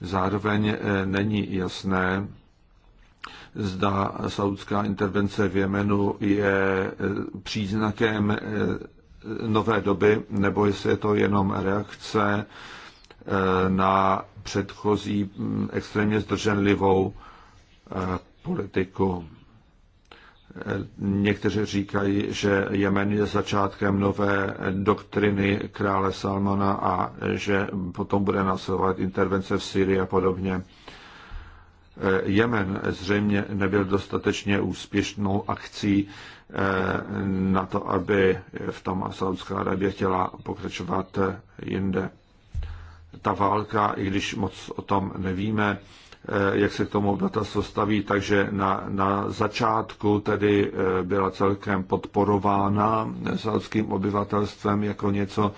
Zároveň eh, není jasné, zda saudská intervence v Jemenu je příznakem nové doby, nebo jestli je to jenom reakce eh, na předchozí mm, extrémně zdrženlivou eh, politiku. Eh, někteří říkají, že Jemen je začátkem nové doktriny krále Salmana a že potom bude nasovat intervence v Syrii a podobně. Jemen zřejmě nebyl dostatečně úspěšnou akcí na to, aby v tom Saudská Arabie chtěla pokračovat jinde. Ta válka, i když moc o tom nevíme, eh, jak se k tomu obyvatelstvo staví, takže na, na začátku tedy eh, byla celkem podporována saudským obyvatelstvem jako něco,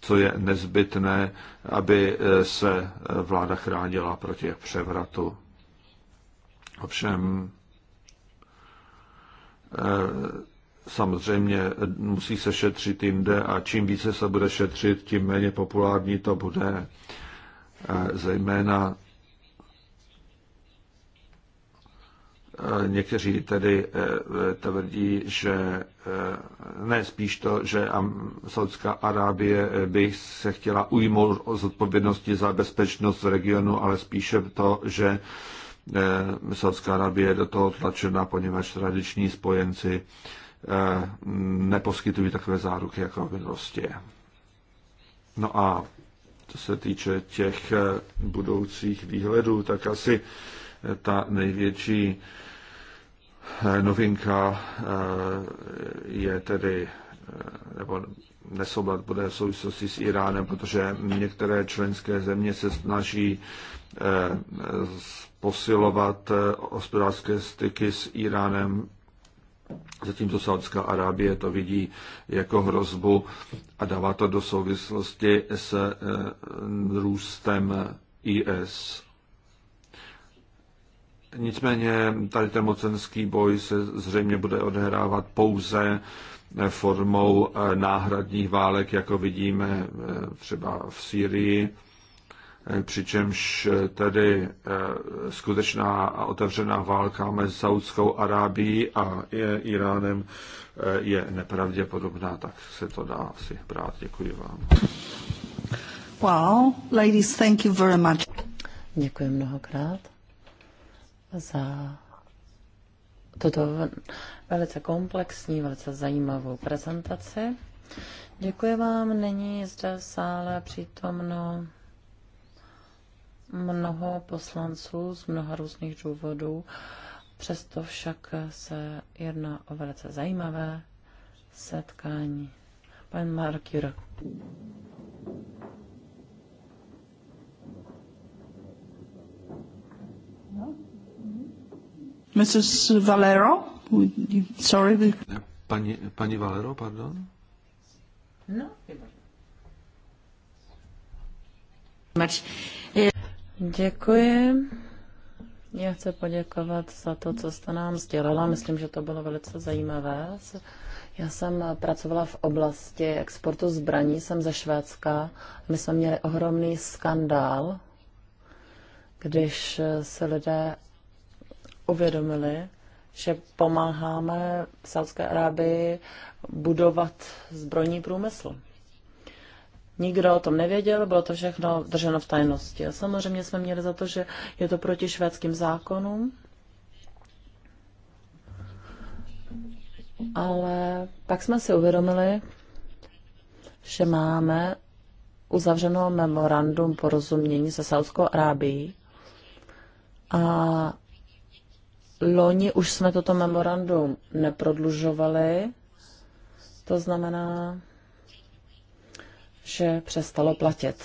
co je nezbytné, aby eh, se vláda chránila proti převratu. Ovšem Eh, samozřejmě musí se šetřit jinde a čím více se bude šetřit, tím méně populární to bude. Eh, zejména eh, někteří tedy tvrdí, že ne spíš to, že Saudská Arábie by se chtěla ujmout zodpovědnosti za bezpečnost v regionu, ale spíše to, že Eh, Saudská Arabie je do toho tlačena, poněvadž tradiční spojenci eh, neposkytují takové záruky jako v minulosti. No a co se týče těch eh, budoucích výhledů, tak asi ta největší novinka je tedy, nebo nesoblad bude v souvislosti s Iránem, protože některé členské země se snaží eh, posilovat eh, hospodářské styky s Iránem, zatímco Saudská Arábie to vidí jako hrozbu a dává to do souvislosti s eh, růstem IS. Nicméně tady ten mocenský boj se zřejmě bude odehrávat pouze formou eh, náhradních válek, jako vidíme eh, třeba v Sýrii, eh, přičemž tedy skutečná a otevřená válka mezi Saudskou Arábií a Iránem je nepravděpodobná, tak se to dá si brát. Děkuji vám. Wow, ladies, thank you very much. Děkuji mnohokrát za toto velice komplexní, velice zajímavou prezentaci. Děkuji vám. Není zde v sále přítomno mnoho poslanců z mnoha různých důvodů. Přesto však se jedná o velice zajímavé setkání. Pan Mark Jura. Mrs. Valero? Sorry. Pani, pani Valero, pardon. No, Děkuji. Já chci poděkovat za to, co jste nám sdělila. Myslím, že to bylo velice zajímavé. Já jsem pracovala v oblasti exportu zbraní, jsem ze Švédska. My jsme měli ohromný skandál, když se lidé uvědomili, že pomáháme Saudské Arábii budovat zbrojní průmysl. Nikdo o tom nevěděl, bylo to všechno drženo v tajnosti. A samozřejmě jsme měli za to, že je to proti švédským zákonům, ale pak jsme si uvědomili, že máme uzavřeno memorandum porozumění se Saudskou Arábií a Loni už jsme toto memorandum neprodlužovali, to znamená, že přestalo platit.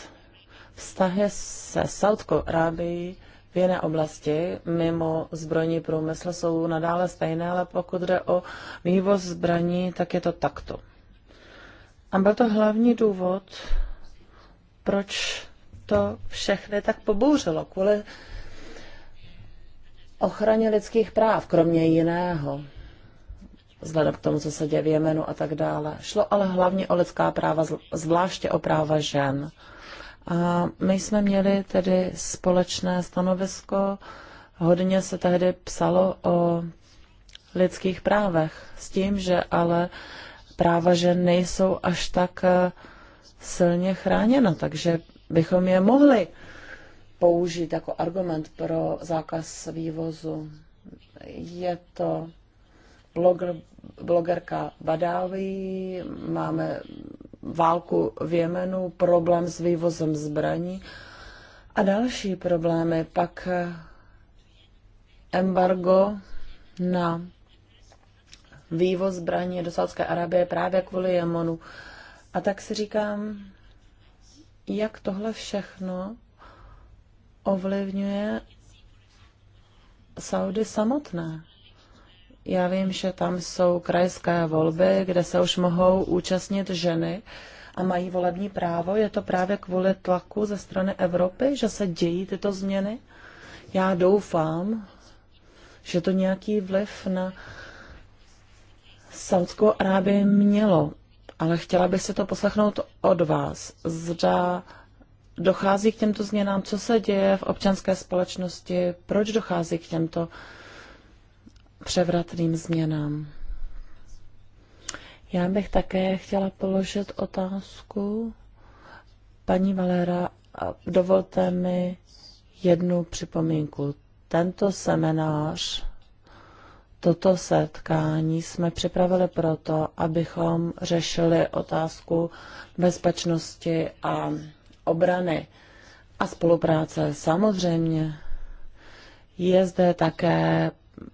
Vztahy se Saudskou Arábií v jiné oblasti, mimo zbrojní průmysl, jsou nadále stejné, ale pokud jde o vývoz zbraní, tak je to takto. A byl to hlavní důvod, proč to všechny tak pobouřilo, kvůli ochraně lidských práv, kromě jiného, vzhledem k tomu, co se děje v Jemenu a tak dále. Šlo ale hlavně o lidská práva, zvláště o práva žen. A my jsme měli tedy společné stanovisko, hodně se tehdy psalo o lidských právech, s tím, že ale práva žen nejsou až tak eh, silně chráněna, takže bychom je mohli použít jako argument pro zákaz vývozu. Je to bloger, blogerka Badawi, máme válku v Jemenu, problém s vývozem zbraní a další problémy. Pak embargo na vývoz zbraní do Saudské Arabie právě kvůli Jemenu. A tak si říkám, jak tohle všechno ovlivňuje Saudy samotné. Já vím, že tam jsou krajské volby, kde se už mohou účastnit ženy a mají volební právo. Je to právě kvůli tlaku ze strany Evropy, že se dějí tyto změny? Já doufám, že to nějaký vliv na Saudskou Arábii mělo, ale chtěla bych si to poslechnout od vás. Zda dochází k těmto změnám, co se děje v občanské společnosti, proč dochází k těmto převratným změnám. Já bych také chtěla položit otázku. Paní Valera, dovolte mi jednu připomínku. Tento seminář, toto setkání jsme připravili proto, abychom řešili otázku bezpečnosti a obrany a spolupráce. Samozřejmě je zde také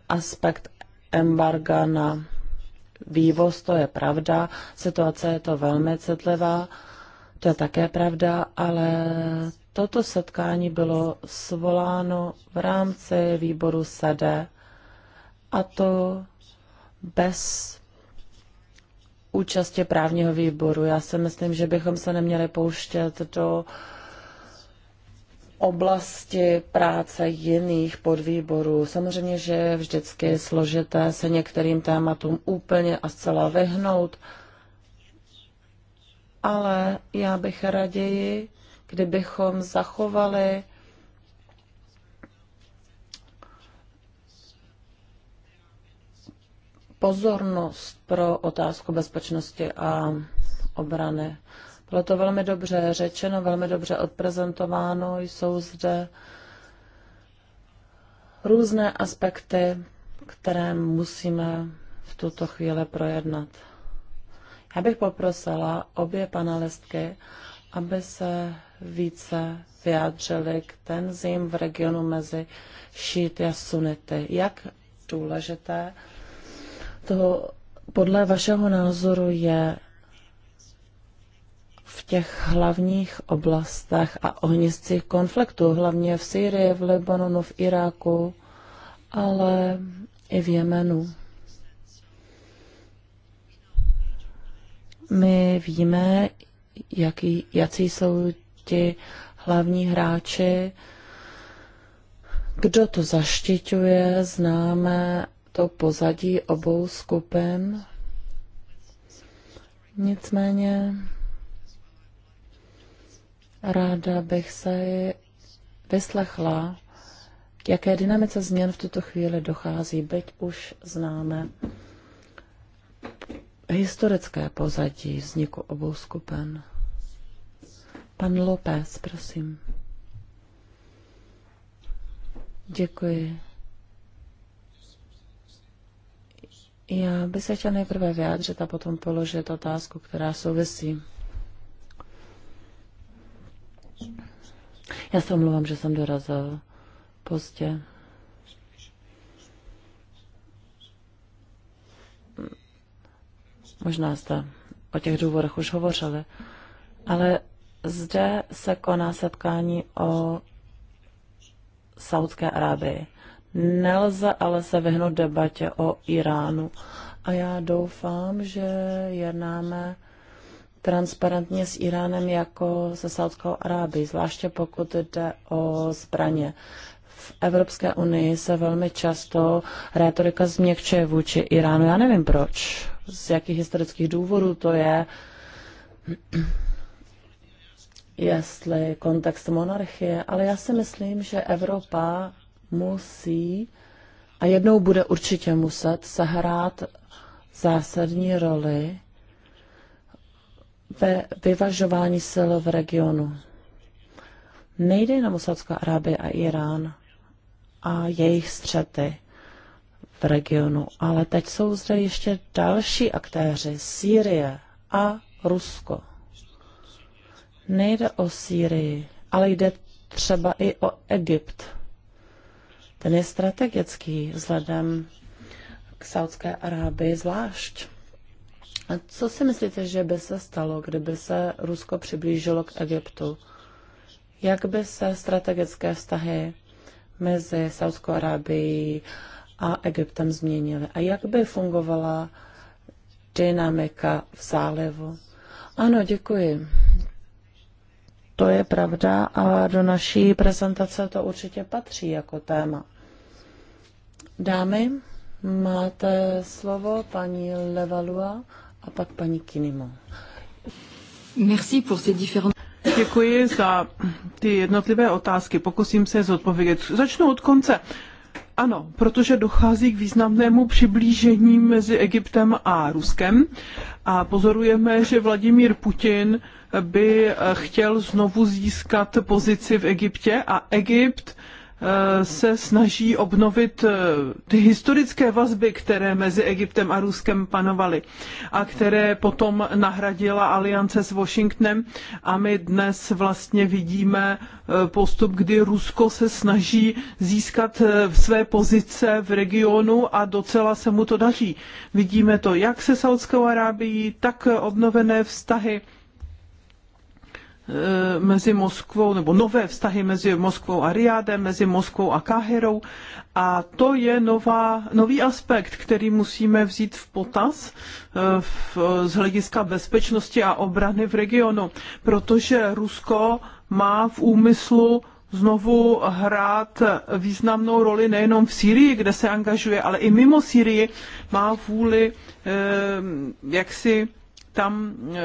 aspekt embarga na vývoz, to je pravda, situace je to velmi citlivá, to je také pravda, ale toto setkání bylo svoláno v rámci výboru SEDE e, a to bez účastě právního výboru. Já si myslím, že bychom se neměli pouštět do oblasti práce jiných podvýborů. Samozřejmě, že je vždycky složité se některým tématům úplně a zcela vyhnout, ale já bych raději, kdybychom zachovali pozornost pro otázku bezpečnosti a obrany. Bylo to velmi dobře řečeno, velmi dobře odprezentováno, jsou zde různé aspekty, které musíme v tuto chvíli projednat. Já bych poprosila obě panelistky, aby se více vyjádřili k tenzím v regionu mezi šíty a sunity. Jak důležité to podle vašeho názoru je v těch hlavních oblastech a ohniscích konfliktů, hlavně v Syrii, v Libanonu, v Iráku, ale i v Jemenu. My víme, jaký, jaký jsou ti hlavní hráči, kdo to zaštiťuje, známe to pozadí obou skupin. Nicméně ráda bych se vyslechla, k jaké dynamice změn v tuto chvíli dochází, byť už známe historické pozadí vzniku obou skupin. Pan López, prosím. Děkuji. Já bych se chtěl nejprve vyjádřit a potom položit otázku, která souvisí. Já se omlouvám, že jsem dorazil pozdě. Možná jste o těch důvodech už hovořili, ale zde se koná setkání o Saudské Arábii. Nelze ale se vyhnout debatě o Iránu. A já doufám, že jednáme transparentně s Iránem jako se Saudskou Arábií, zvláště pokud jde o zbraně. V Evropské unii se velmi často rétorika změkčuje vůči Iránu. Já nevím proč, z jakých historických důvodů to je, jestli kontext monarchie, ale já si myslím, že Evropa musí a jednou bude určitě muset sehrát zásadní roli ve vyvažování sil v regionu. Nejde jenom o Saudská a Irán a jejich střety v regionu, ale teď jsou zde ještě další aktéři, Sýrie a Rusko. Nejde o Sýrii, ale jde třeba i o Egypt ten je strategický vzhledem k Saudské Arábii zvlášť. A co si myslíte, že by se stalo, kdyby se Rusko přiblížilo k Egyptu? Jak by se strategické vztahy mezi Saudskou Arábií a Egyptem změnily? A jak by fungovala dynamika v zálivu? Ano, děkuji. To je pravda a do naší prezentace to určitě patří jako téma. Dámy, máte slovo paní Levalua a pak paní Kinimo. Merci pour ces différents... Děkuji za ty jednotlivé otázky. Pokusím se zodpovědět. Začnu od konce. Ano, protože dochází k významnému přiblížení mezi Egyptem a Ruskem a pozorujeme, že Vladimír Putin by eh, chtěl znovu získat pozici v Egyptě a Egypt Eh, se snaží obnovit eh, ty historické vazby, které mezi Egyptem a Ruskem panovaly a které potom nahradila aliance s Washingtonem a my dnes vlastně vidíme eh, postup, kdy Rusko se snaží získat své pozice v regionu a docela se mu to daří. Vidíme to jak se Saudskou Arábií, tak obnovené vztahy Eh, mezi Moskvou, nebo nové vztahy mezi Moskvou a Riadem mezi Moskvou a Kahirou. A to je nová, nový aspekt, který musíme vzít v potaz eh, v, z hlediska bezpečnosti a obrany v regionu, protože Rusko má v úmyslu znovu hrát významnou roli nejenom v Sýrii, kde se angažuje, ale i mimo Sýrii má vůli eh, jaksi tam eh,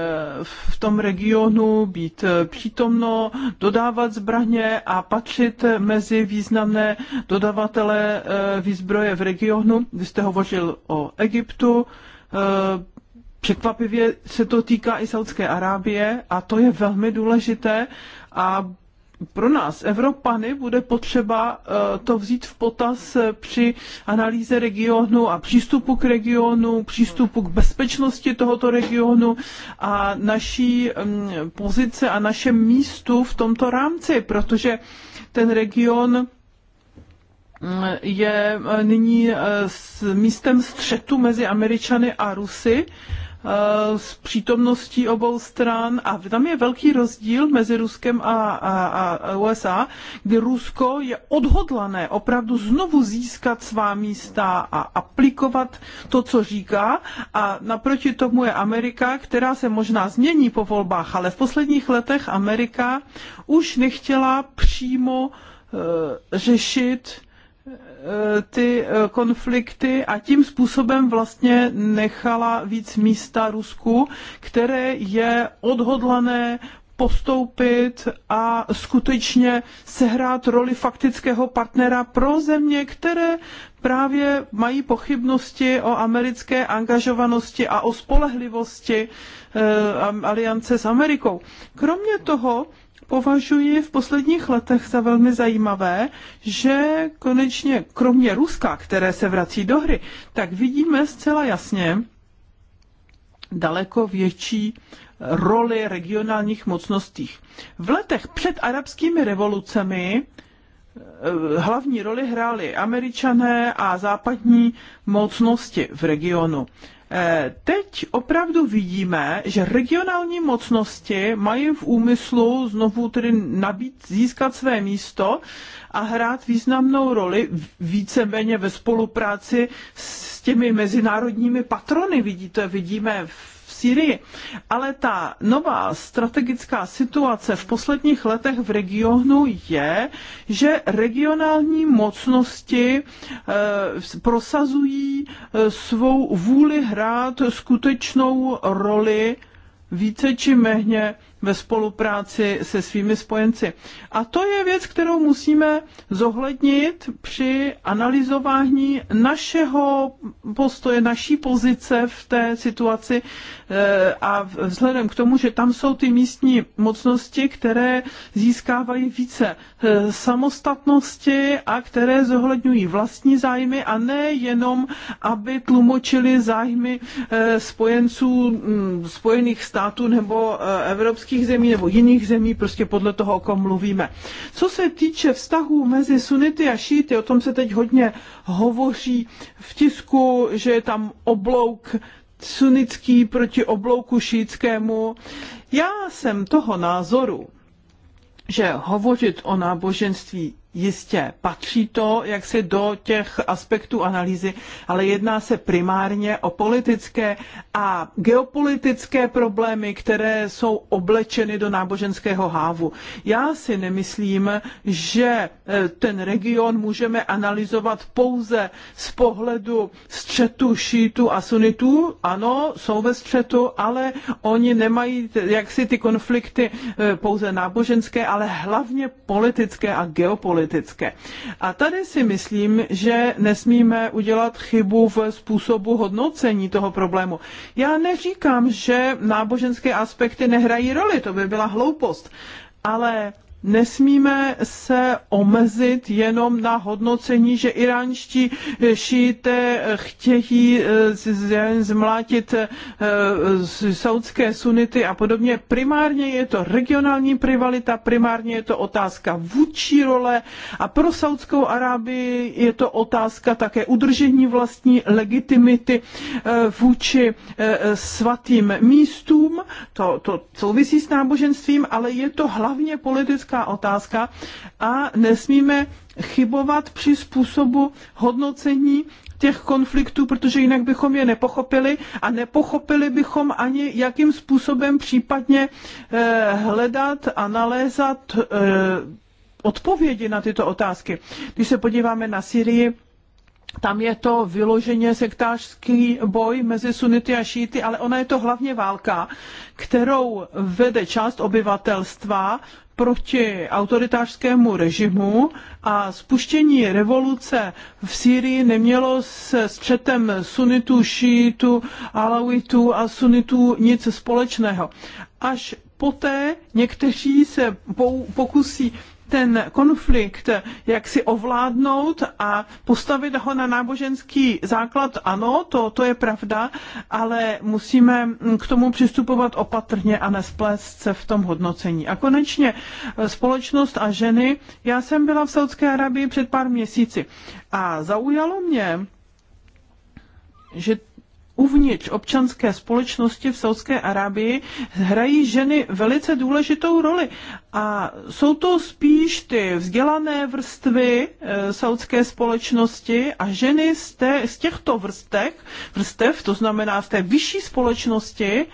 v tom regionu být eh, přítomno, dodávat zbraně a patřit mezi významné dodavatele eh, výzbroje v regionu. Vy jste hovořil o Egyptu, Překvapivě se to týká i Saudské Arábie a to je velmi důležité a pro nás, Evropany, bude potřeba eh, to vzít v potaz eh, při analýze regionu a přístupu k regionu, přístupu k bezpečnosti tohoto regionu a naší mm, pozice a našem místu v tomto rámci, protože ten region mm, je eh, nyní místem střetu mezi Američany a Rusy Eh, s přítomností obou stran a tam je velký rozdíl mezi Ruskem a, a, a USA, kdy Rusko je odhodlané opravdu znovu získat svá místa a aplikovat to, co říká a naproti tomu je Amerika, která se možná změní po volbách, ale v posledních letech Amerika už nechtěla přímo uh, řešit Eh, ty eh, konflikty a tím způsobem vlastně nechala víc místa Rusku, které je odhodlané postoupit a skutečně sehrát roli faktického partnera pro země, které právě mají pochybnosti o americké angažovanosti a o spolehlivosti e, aliance s Amerikou. Kromě toho považuji v posledních letech za velmi zajímavé, že konečně kromě Ruska, které se vrací do hry, tak vidíme zcela jasně daleko větší roli regionálních mocností. V letech před arabskými revolucemi eh, hlavní roli hrály američané a západní mocnosti v regionu. Eh, teď opravdu vidíme, že regionální mocnosti mají v úmyslu znovu tedy nabít, získat své místo a hrát významnou roli víceméně ve spolupráci s těmi mezinárodními patrony. Vidíte, vidíme v Syrii. Ale ta nová strategická situace v posledních letech v regionu je, že regionální mocnosti eh, prosazují eh, svou vůli hrát skutečnou roli více či méně ve spolupráci se svými spojenci. A to je věc, kterou musíme zohlednit při analyzování našeho postoje, naší pozice v té situaci eh, a vzhledem k tomu, že tam jsou ty místní mocnosti, které získávají více eh, samostatnosti a které zohledňují vlastní zájmy a ne jenom, aby tlumočili zájmy eh, spojenců mm, Spojených států nebo Evropských arabských zemí nebo jiných zemí, prostě podle toho, o kom mluvíme. Co se týče vztahů mezi sunity a šíty, o tom se teď hodně hovoří v tisku, že je tam oblouk Sunický proti oblouku šítskému. Já jsem toho názoru, že hovořit o náboženství Jistě, patří to jaksi do těch aspektů analýzy, ale jedná se primárně o politické a geopolitické problémy, které jsou oblečeny do náboženského hávu. Já si nemyslím, že e, ten region můžeme analyzovat pouze z pohledu střetu šítů a sunitů. Ano, jsou ve střetu, ale oni nemají jaksi ty konflikty e, pouze náboženské, ale hlavně politické a geopolitické politické. A tady si myslím, že nesmíme udělat chybu v způsobu hodnocení toho problému. Já neříkám, že náboženské aspekty nehrají roli, to by byla hloupost, ale nesmíme se omezit jenom na hodnocení, že iránští šíte chtějí eh, zmlátit eh, saudské sunity a podobně. Primárně je to regionální privalita, primárně je to otázka vůči role a pro Saudskou Arábii je to otázka také udržení vlastní legitimity eh, vůči svatým místům, to, to souvisí s náboženstvím, ale je to hlavně politická obrovská otázka a nesmíme chybovat při způsobu hodnocení těch konfliktů, protože jinak bychom je nepochopili a nepochopili bychom ani, jakým způsobem případně eh, hledat a nalézat eh, odpovědi na tyto otázky. Když se podíváme na Syrii, tam je to vyloženě sektářský boj mezi sunity a šíty, ale ona je to hlavně válka, kterou vede část obyvatelstva proti autoritářskému režimu a spuštění revoluce v Sýrii nemělo se střetem sunitů, šítu, alawitů a sunitů nic společného. Až poté někteří se pokusí ten konflikt jak si ovládnout a postavit ho na náboženský základ, ano, to, to je pravda, ale musíme k tomu přistupovat opatrně a nesplést se v tom hodnocení. A konečně eh, společnost a ženy. Já jsem byla v Saudské Arabii před pár měsíci a zaujalo mě, že uvnitř občanské společnosti v Saudské Arábii hrají ženy velice důležitou roli. A jsou to spíš ty vzdělané vrstvy e, saudské společnosti a ženy z, té, z těchto vrstech, vrstev, to znamená z té vyšší společnosti,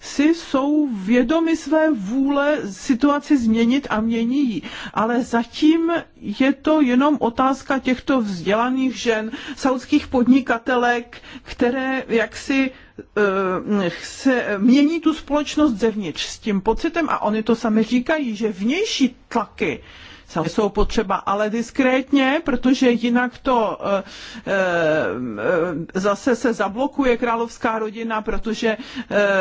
si jsou vědomi své vůle situaci změnit a mění ji. Ale zatím je to jenom otázka těchto vzdělaných žen, saudských podnikatelek, které jaksi se eh, mění tu společnost zevnitř s tím pocitem a oni to sami říkají, že vnější tlaky jsou potřeba, ale diskrétně, protože jinak to eh, eh, zase se zablokuje královská rodina, protože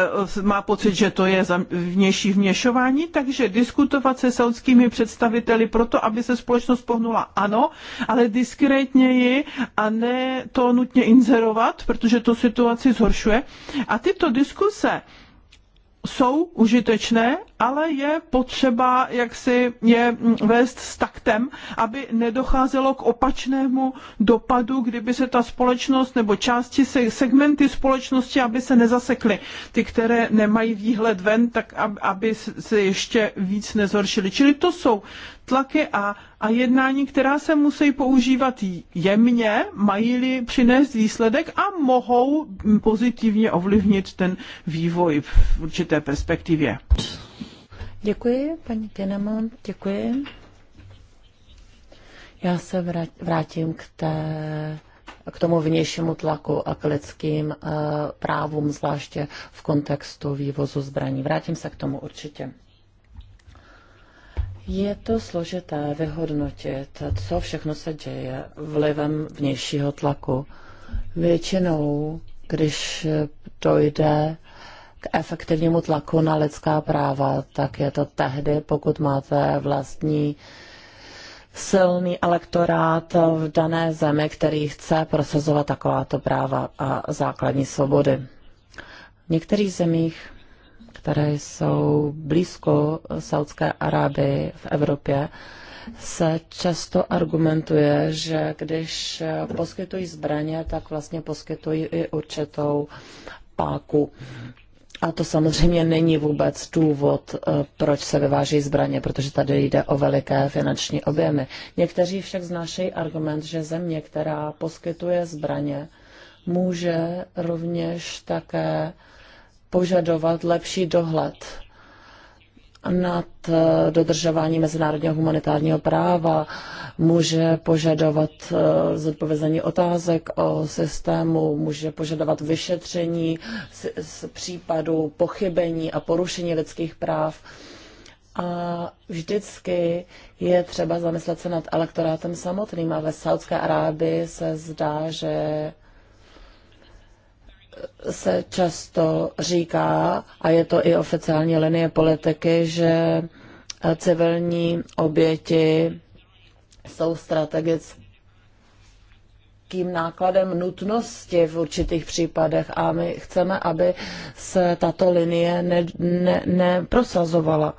eh, má pocit, že to je vnější vněšování, takže diskutovat se saudskými představiteli proto, aby se společnost pohnula, ano, ale diskrétněji a ne to nutně inzerovat, protože to situaci zhoršuje. A tyto diskuse jsou užitečné, ale je potřeba jak si je vést s taktem, aby nedocházelo k opačnému dopadu, kdyby se ta společnost nebo části, segmenty společnosti, aby se nezasekly. Ty, které nemají výhled ven, tak aby se ještě víc nezhoršily. Čili to jsou tlaky a, a jednání, která se musí používat jemně, mají-li přinést výsledek a mohou pozitivně ovlivnit ten vývoj v určité perspektivě. Děkuji, paní Keneman, děkuji. Já se vrátím k, té, k tomu vnějšímu tlaku a k lidským eh, právům, zvláště v kontextu vývozu zbraní. Vrátím se k tomu určitě. Je to složité vyhodnotit, co všechno se děje vlivem vnějšího tlaku. Většinou, když dojde k efektivnímu tlaku na lidská práva, tak je to tehdy, pokud máte vlastní silný elektorát v dané zemi, který chce prosazovat takováto práva a základní svobody. V některých zemích které jsou blízko Saudské Arábii v Evropě, se často argumentuje, že když poskytují zbraně, tak vlastně poskytují i určitou páku. A to samozřejmě není vůbec důvod, eh, proč se vyváží zbraně, protože tady jde o veliké finanční objemy. Někteří však znášejí argument, že země, která poskytuje zbraně, může rovněž také požadovat lepší dohled nad eh, dodržováním mezinárodního humanitárního práva, může požadovat eh, zodpovězení otázek o systému, může požadovat vyšetření z, případu pochybení a porušení lidských práv. A vždycky je třeba zamyslet se nad elektorátem samotným a ve Saudské Arábii se zdá, že se často říká, a je to i oficiální linie politiky, že eh, civilní oběti jsou strategickým nákladem nutnosti v určitých případech a my chceme, aby se tato linie ne, ne, neprosazovala.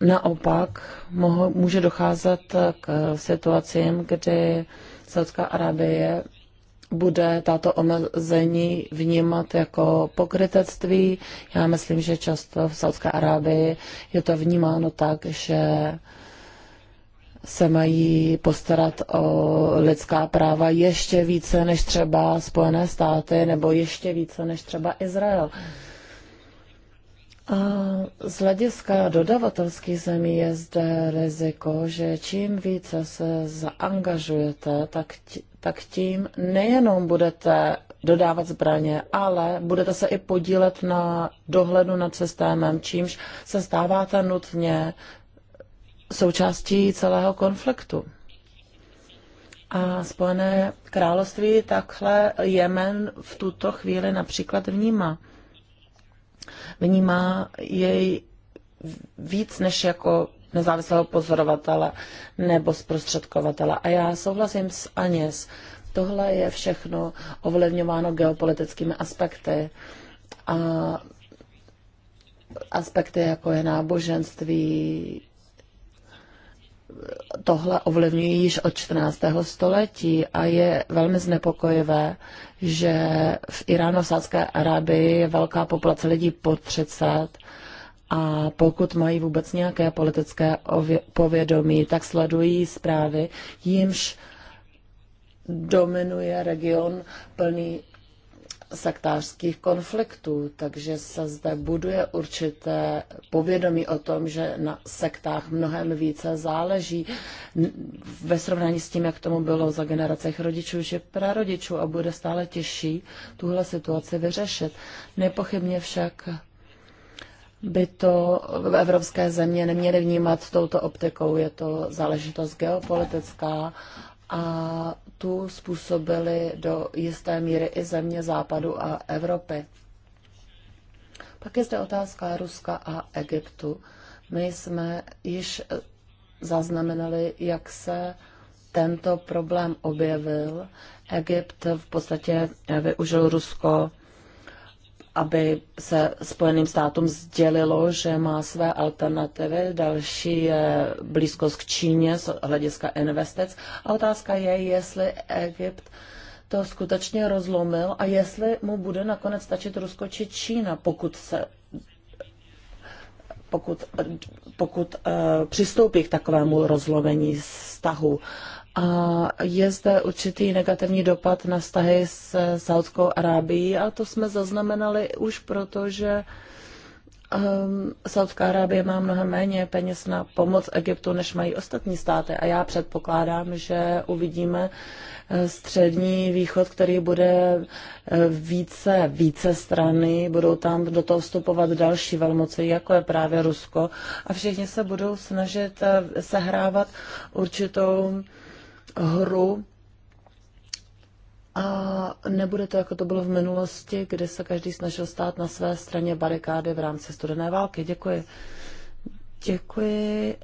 Naopak mohu, může docházet eh, k situacím, kdy Saudská Arabie bude tato omezení vnímat jako pokrytectví. Já myslím, že často v Saudské Arábii je to vnímáno tak, že se mají postarat o lidská práva ještě více než třeba Spojené státy nebo ještě více než třeba Izrael. A z hlediska dodavatelských zemí je zde riziko, že čím více se zaangažujete, tak, tak tím nejenom budete dodávat zbraně, ale budete se i podílet na dohledu nad systémem, čímž se stáváte nutně součástí celého konfliktu. A Spojené království takhle Jemen v tuto chvíli například vnímá vnímá jej víc než jako nezávislého pozorovatele nebo zprostředkovatele. A já souhlasím s Aněs. Tohle je všechno ovlivňováno geopolitickými aspekty. A aspekty, jako je náboženství, tohle ovlivňují již od 14. století a je velmi znepokojivé, že v Iránu a Sádské Arábii je velká populace lidí pod 30 a pokud mají vůbec nějaké politické povědomí, tak sledují zprávy, jimž dominuje region plný sektářských konfliktů, takže se zde buduje určité povědomí o tom, že na sektách mnohem více záleží ve srovnání s tím, jak tomu bylo za generacech rodičů že prarodičů a bude stále těžší tuhle situaci vyřešit. Nepochybně však by to evropské země neměly vnímat touto optikou. Je to záležitost geopolitická a tu způsobili do jisté míry i země západu a Evropy. Pak je zde otázka Ruska a Egyptu. My jsme již zaznamenali, jak se tento problém objevil. Egypt v podstatě využil Rusko aby se Spojeným státům sdělilo, že má své alternativy. Další je blízkost k Číně z hlediska investic. A otázka je, jestli Egypt to skutečně rozlomil a jestli mu bude nakonec stačit Rusko či Čína, pokud se pokud, pokud uh, přistoupí k takovému rozlomení vztahu. A je zde určitý negativní dopad na vztahy s Saudskou Arábií a to jsme zaznamenali už proto, že um, Saudská Arábie má mnohem méně peněz na pomoc Egyptu, než mají ostatní státy. A já předpokládám, že uvidíme eh, střední východ, který bude eh, více, více strany, budou tam do toho vstupovat další velmoci, jako je právě Rusko. A všichni se budou snažit eh, sehrávat určitou hru a nebude to, jako to bylo v minulosti, kde se každý snažil stát na své straně barikády v rámci studené války. Děkuji. Děkuji.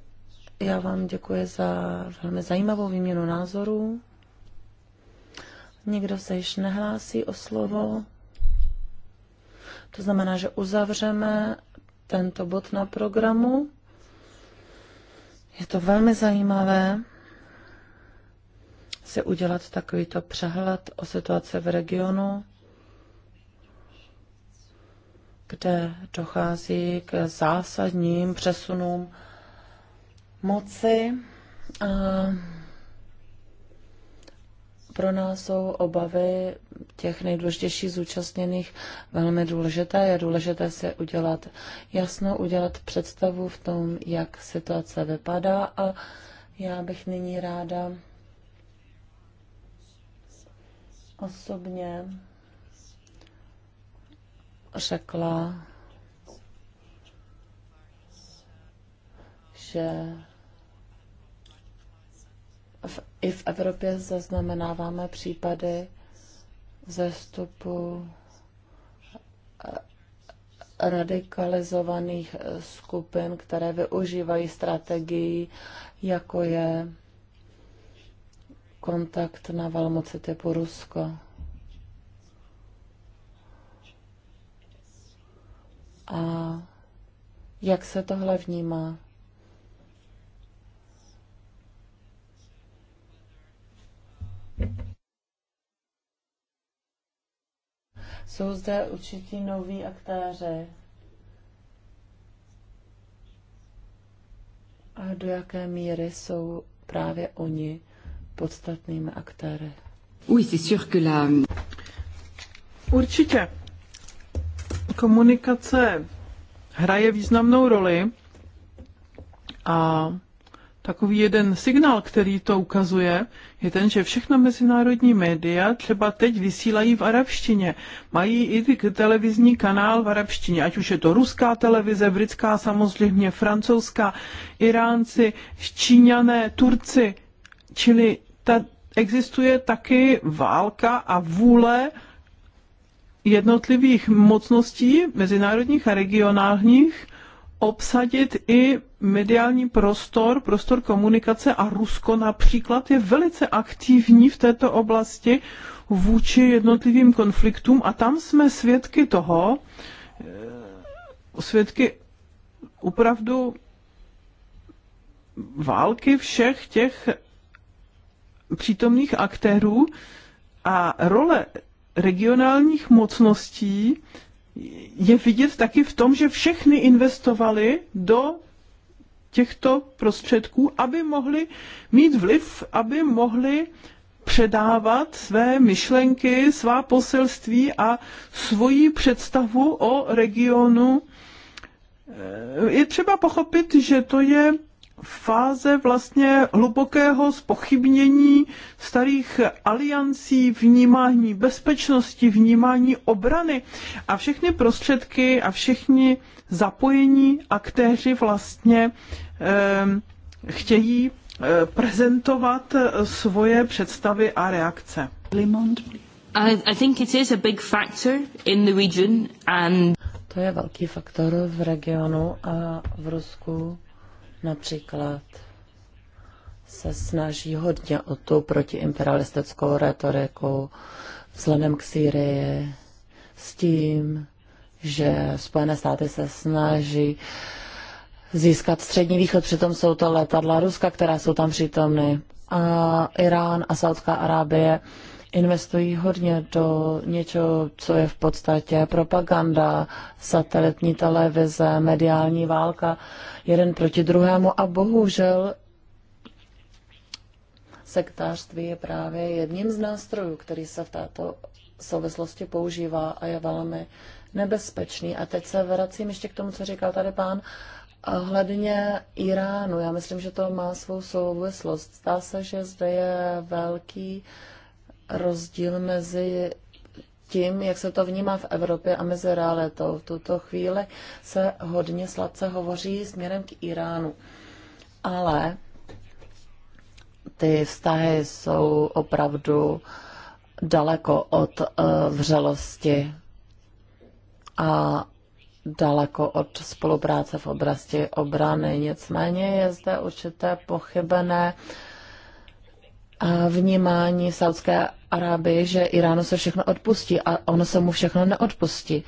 Já vám děkuji za velmi zajímavou výměnu názorů. Nikdo se již nehlásí o slovo. To znamená, že uzavřeme tento bod na programu. Je to velmi zajímavé si udělat takovýto přehled o situaci v regionu, kde dochází k zásadním přesunům moci. A pro nás jsou obavy těch nejdůležitějších zúčastněných velmi důležité. Je důležité si udělat jasno, udělat představu v tom, jak situace vypadá a já bych nyní ráda osobně řekla, že v, i v Evropě zaznamenáváme případy zestupu eh, radikalizovaných eh, skupin, které využívají strategii, jako je kontakt na velmoci typu Rusko. A jak se tohle vnímá? Jsou zde určití noví aktéři. A do jaké míry jsou právě oni podstatnými aktéry. Oui, c'est sûr que la... Určitě. Komunikace hraje významnou roli a takový jeden signál, který to ukazuje, je ten, že všechna mezinárodní média třeba teď vysílají v arabštině. Mají i televizní kanál v arabštině, ať už je to ruská televize, britská samozřejmě, francouzská, Iránci, Číňané, Turci. Čili ta existuje taky válka a vůle jednotlivých mocností, mezinárodních a regionálních, obsadit i mediální prostor, prostor komunikace a Rusko například je velice aktivní v této oblasti vůči jednotlivým konfliktům a tam jsme svědky toho, eh, svědky opravdu války všech těch přítomných aktérů a role regionálních mocností je vidět taky v tom, že všechny investovali do těchto prostředků, aby mohli mít vliv, aby mohli předávat své myšlenky, svá poselství a svoji představu o regionu. Je třeba pochopit, že to je fáze vlastně hlubokého spochybnění starých aliancí, vnímání bezpečnosti, vnímání obrany a všechny prostředky a všichni zapojení aktéři vlastně eh, chtějí eh, prezentovat eh, svoje představy a reakce. To je velký faktor v regionu a v Rusku Například se snaží hodně o tu protiimperialistickou retoriku vzhledem k Sýrii s tím, že Spojené státy se snaží získat střední východ, přitom jsou to letadla Ruska, která jsou tam přítomny. A Irán a Saudská Arábie investují hodně do něčeho, co je v podstatě propaganda, satelitní televize, mediální válka, jeden proti druhému a bohužel sektářství je právě jedním z nástrojů, který se v této souvislosti používá a je velmi nebezpečný. A teď se vracím ještě k tomu, co říkal tady pán hledně Iránu. Já myslím, že to má svou souvislost. Zdá se, že zde je velký rozdíl mezi tím, jak se to vnímá v Evropě a mezi realitou. V tuto chvíli se hodně sladce hovoří směrem k Iránu. Ale ty vztahy jsou opravdu daleko od eh, vřelosti a daleko od spolupráce v oblasti obrany. Nicméně je zde určité pochybené eh, vnímání Saudské Arábii, že Iránu se všechno odpustí a ono se mu všechno neodpustí.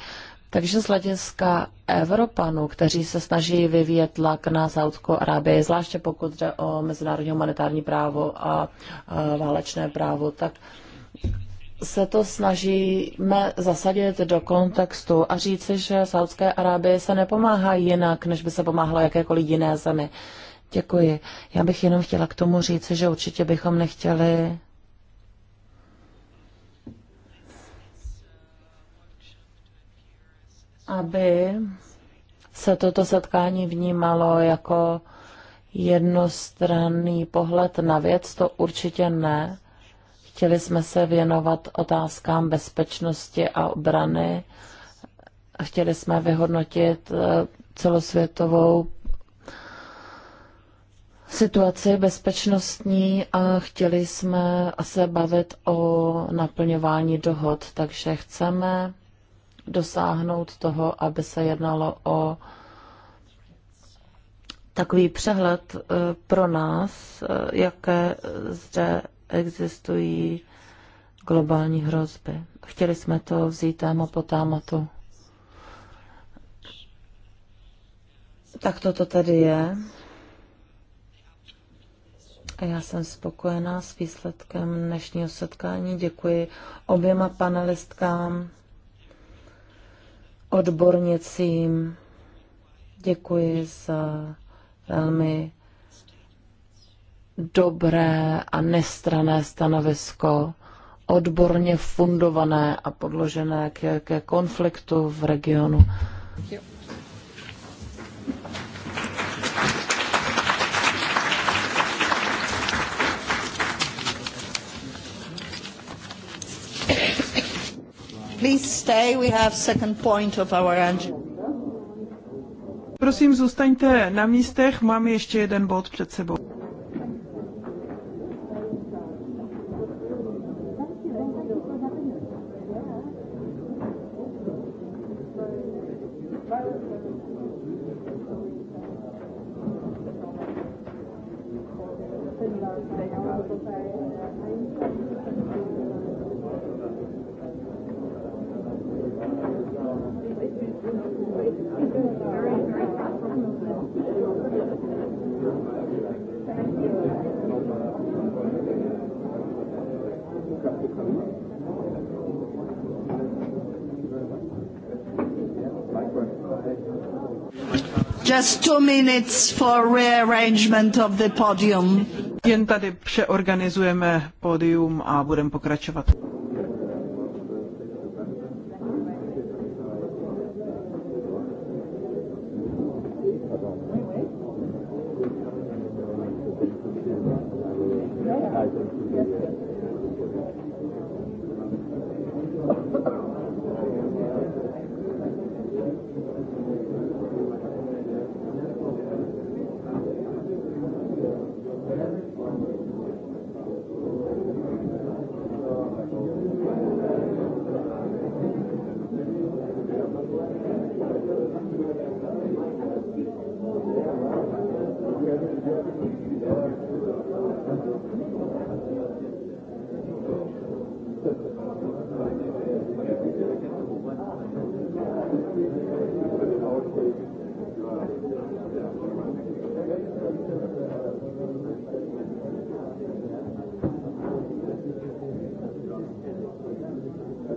Takže z hlediska Evropanů, kteří se snaží vyvíjet tlak na Saudskou Arábii, zvláště pokud jde o mezinárodní humanitární právo a, a válečné právo, tak se to snažíme zasadit do kontextu a říci, že Saudské Arábie se nepomáhá jinak, než by se pomáhalo jakékoliv jiné zemi. Děkuji. Já bych jenom chtěla k tomu říci, že určitě bychom nechtěli aby se toto setkání vnímalo jako jednostranný pohled na věc, to určitě ne. Chtěli jsme se věnovat otázkám bezpečnosti a obrany. Chtěli jsme vyhodnotit eh, celosvětovou situaci bezpečnostní a chtěli jsme se bavit o naplňování dohod, takže chceme dosáhnout toho, aby se jednalo o takový přehled eh, pro nás, eh, jaké zde existují globální hrozby. Chtěli jsme to vzít téma po tématu. Tak toto tedy je. Já jsem spokojená s výsledkem dnešního setkání. Děkuji oběma panelistkám odbornicím. Děkuji za velmi dobré a nestrané stanovisko, odborně fundované a podložené ke, ke konfliktu v regionu. Please stay, we have second point of our agenda. Prosím, zůstaňte na místech, máme ještě jeden bod před sebou. just two minutes for rearrangement of the podium. Jen tady přeorganizujeme pódium a budeme pokračovat.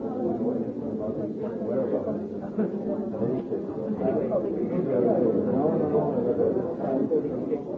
Thank you.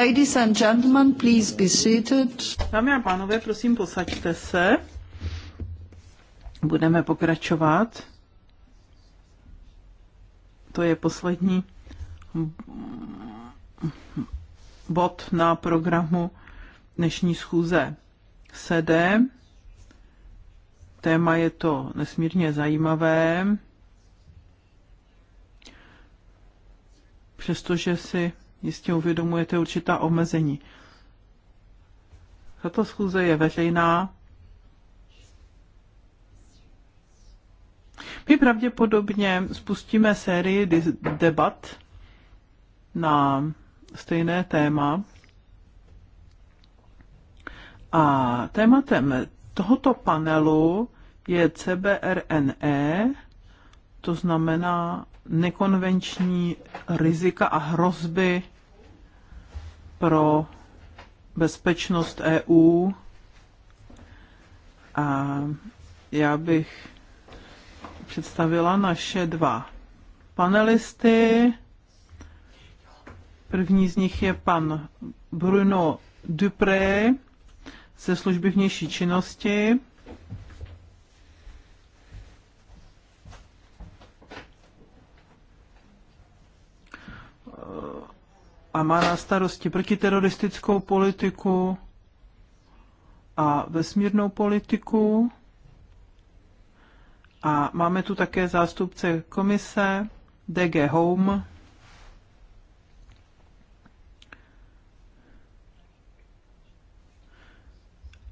Ladies and gentlemen, please be seated. Dámy a pánové, prosím, posaďte se. Budeme pokračovat. To je poslední bod na programu dnešní schůze. Sede. Téma je to nesmírně zajímavé. Přestože si jistě uvědomujete určitá omezení. Tato schůze je veřejná. My pravděpodobně spustíme sérii debat na stejné téma. A tématem tohoto panelu je CBRNE, to znamená nekonvenční rizika a hrozby pro bezpečnost EU. A já bych představila naše dva panelisty. První z nich je pan Bruno Dupré ze služby vnější činnosti a má na starosti protiteroristickou politiku a vesmírnou politiku. A máme tu také zástupce komise DG Home.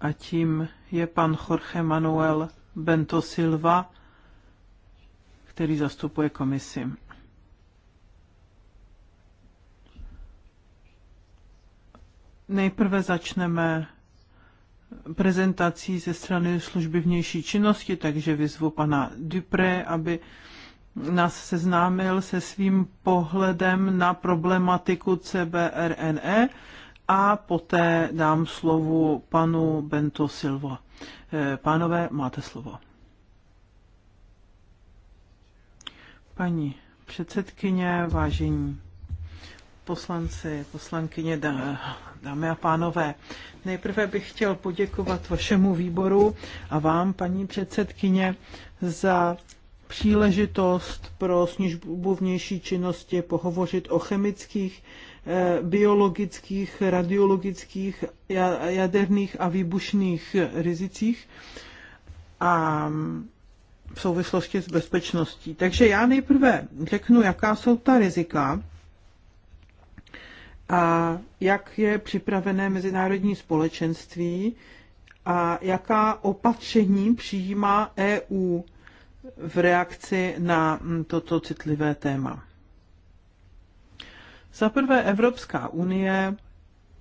A tím je pan Jorge Manuel Bento Silva, který zastupuje komisi. Nejprve začneme prezentací ze strany služby vnější činnosti, takže vyzvu pana Dupré, aby nás seznámil se svým pohledem na problematiku CBRNE a poté dám slovo panu Bento Silva. Eh, pánové, máte slovo. Paní předsedkyně, vážení poslanci, poslankyně, dámy a pánové. Nejprve bych chtěl poděkovat vašemu výboru a vám, paní předsedkyně, za příležitost pro snižbu vnější činnosti pohovořit o chemických, eh, biologických, radiologických, jaderných a výbušných rizicích a v souvislosti s bezpečností. Takže já nejprve řeknu, jaká jsou ta rizika, a jak je připravené mezinárodní společenství a jaká opatření přijímá EU v reakci na mm, toto citlivé téma. Za prvé, Evropská unie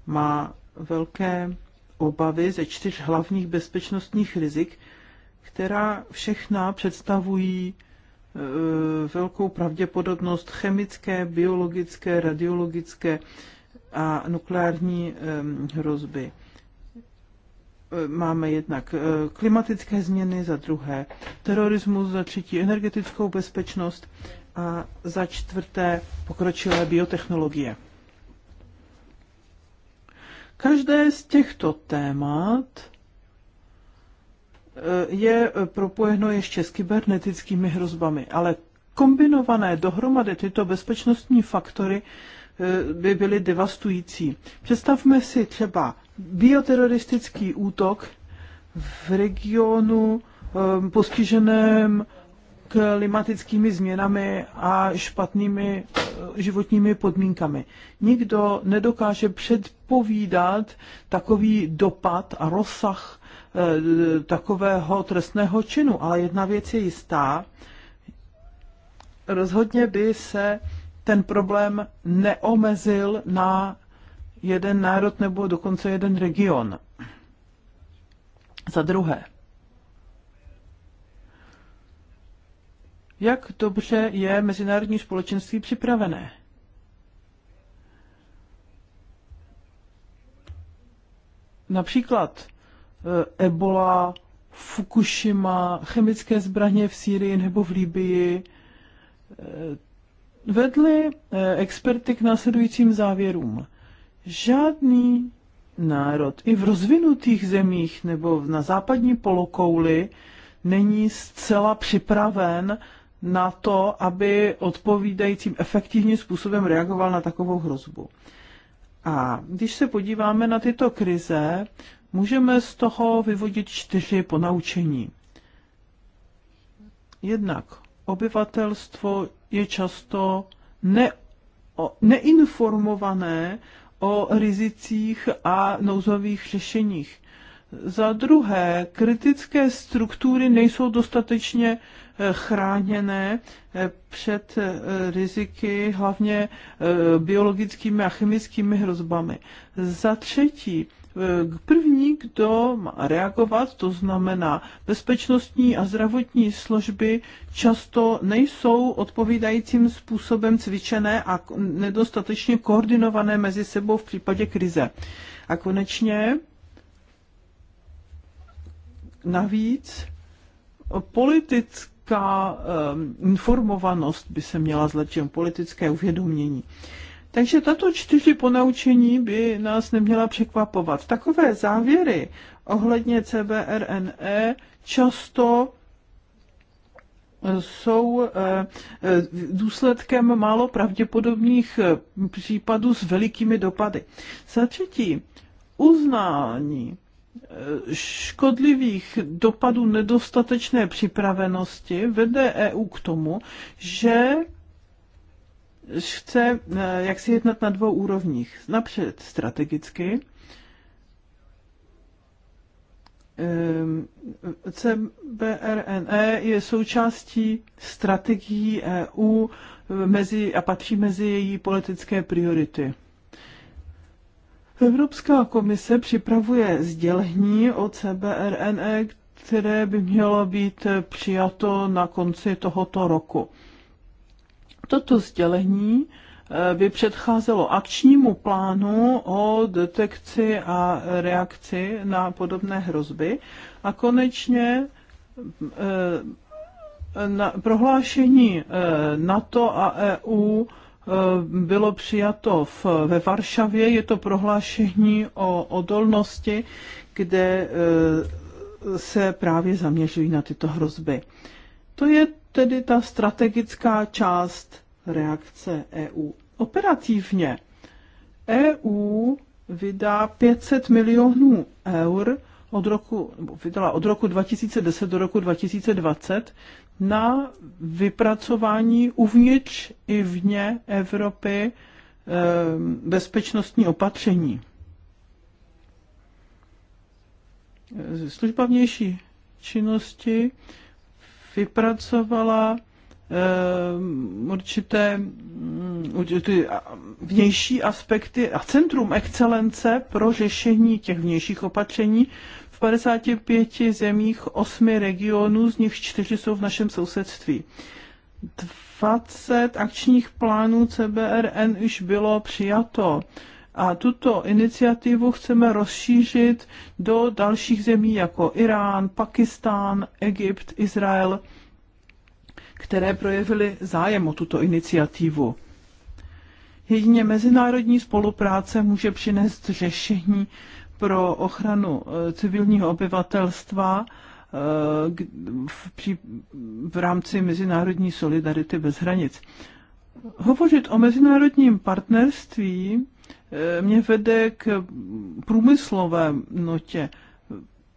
má velké obavy ze čtyř hlavních bezpečnostních rizik, která všechna představují e, velkou pravděpodobnost chemické, biologické, radiologické a nukleární hrozby. Máme jednak eh, klimatické změny, za druhé terorismus, za třetí energetickou bezpečnost a za čtvrté pokročilé biotechnologie. Každé z těchto témat eh, je propojeno ještě s kybernetickými hrozbami, ale kombinované dohromady tyto bezpečnostní faktory Eh, by byly devastující. Představme si třeba bioteroristický útok v regionu eh, postiženém klimatickými změnami a špatnými eh, životními podmínkami. Nikdo nedokáže předpovídat takový dopad a rozsah takového trestného činu, ale jedna věc je jistá. Rozhodně by se ten problém neomezil na jeden národ nebo dokonce jeden region. Za druhé, jak dobře je mezinárodní společenství připravené? Například eh, Ebola, Fukushima, chemické zbraně v Sýrii nebo v Libii, eh, vedly eh, experty k následujícím závěrům. Žádný národ i v rozvinutých zemích nebo na západní polokouli není zcela připraven na to, aby odpovídajícím efektivním způsobem reagoval na takovou hrozbu. A když se podíváme na tyto krize, můžeme z toho vyvodit čtyři ponaučení. Jednak obyvatelstvo je často ne, o, neinformované o rizicích a nouzových řešeních. Za druhé, kritické struktury nejsou dostatečně eh, chráněné eh, před eh, riziky, hlavně biologickými a chemickými hrozbami. Za třetí, první, kdo má reagovat, to znamená bezpečnostní a zdravotní služby často nejsou odpovídajícím způsobem cvičené a nedostatečně koordinované mezi sebou v případě krize. A konečně navíc politická ehm, informovanost by se měla zlepšit, politické uvědomění. Takže tato čtyři ponaučení by nás neměla překvapovat. Takové závěry ohledně CBRNE často jsou eh, eh, důsledkem málo pravděpodobných eh, případů s velikými dopady. Za třetí, uznání škodlivých dopadů nedostatečné připravenosti vede EU k tomu, že chce eh, jak si jednat na dvou úrovních. Napřed strategicky, ehm, CBRNE je součástí strategií EU eh, mezi, a patří mezi její politické priority. Evropská komise připravuje sdělení o CBRNE, které by mělo být přijato na konci tohoto roku. Toto sdělení eh, by předcházelo akčnímu plánu o detekci a reakci na podobné hrozby a konečně eh, na prohlášení eh, NATO a EU bylo přijato v, ve Varšavě. Je to prohlášení o odolnosti, kde se právě zaměřují na tyto hrozby. To je tedy ta strategická část reakce EU. Operativně EU vydá 500 milionů eur od roku, vydala od roku 2010 do roku 2020 na vypracování uvnitř i vně Evropy eh, bezpečnostní opatření. Eh, služba vnější činnosti vypracovala eh, určité mm, ty vnější aspekty a centrum excelence pro řešení těch vnějších opatření v 55 zemích 8 regionů, z nich 4 jsou v našem sousedství. 20 akčních plánů CBRN už bylo přijato. A tuto iniciativu chceme rozšířit do dalších zemí jako Irán, Pakistán, Egypt, Izrael, které projevily zájem o tuto iniciativu. Jedině mezinárodní spolupráce může přinést řešení pro ochranu e, civilního obyvatelstva e, v, při, v rámci mezinárodní solidarity bez hranic. Hovořit o mezinárodním partnerství Eh, mě vede k průmyslové notě.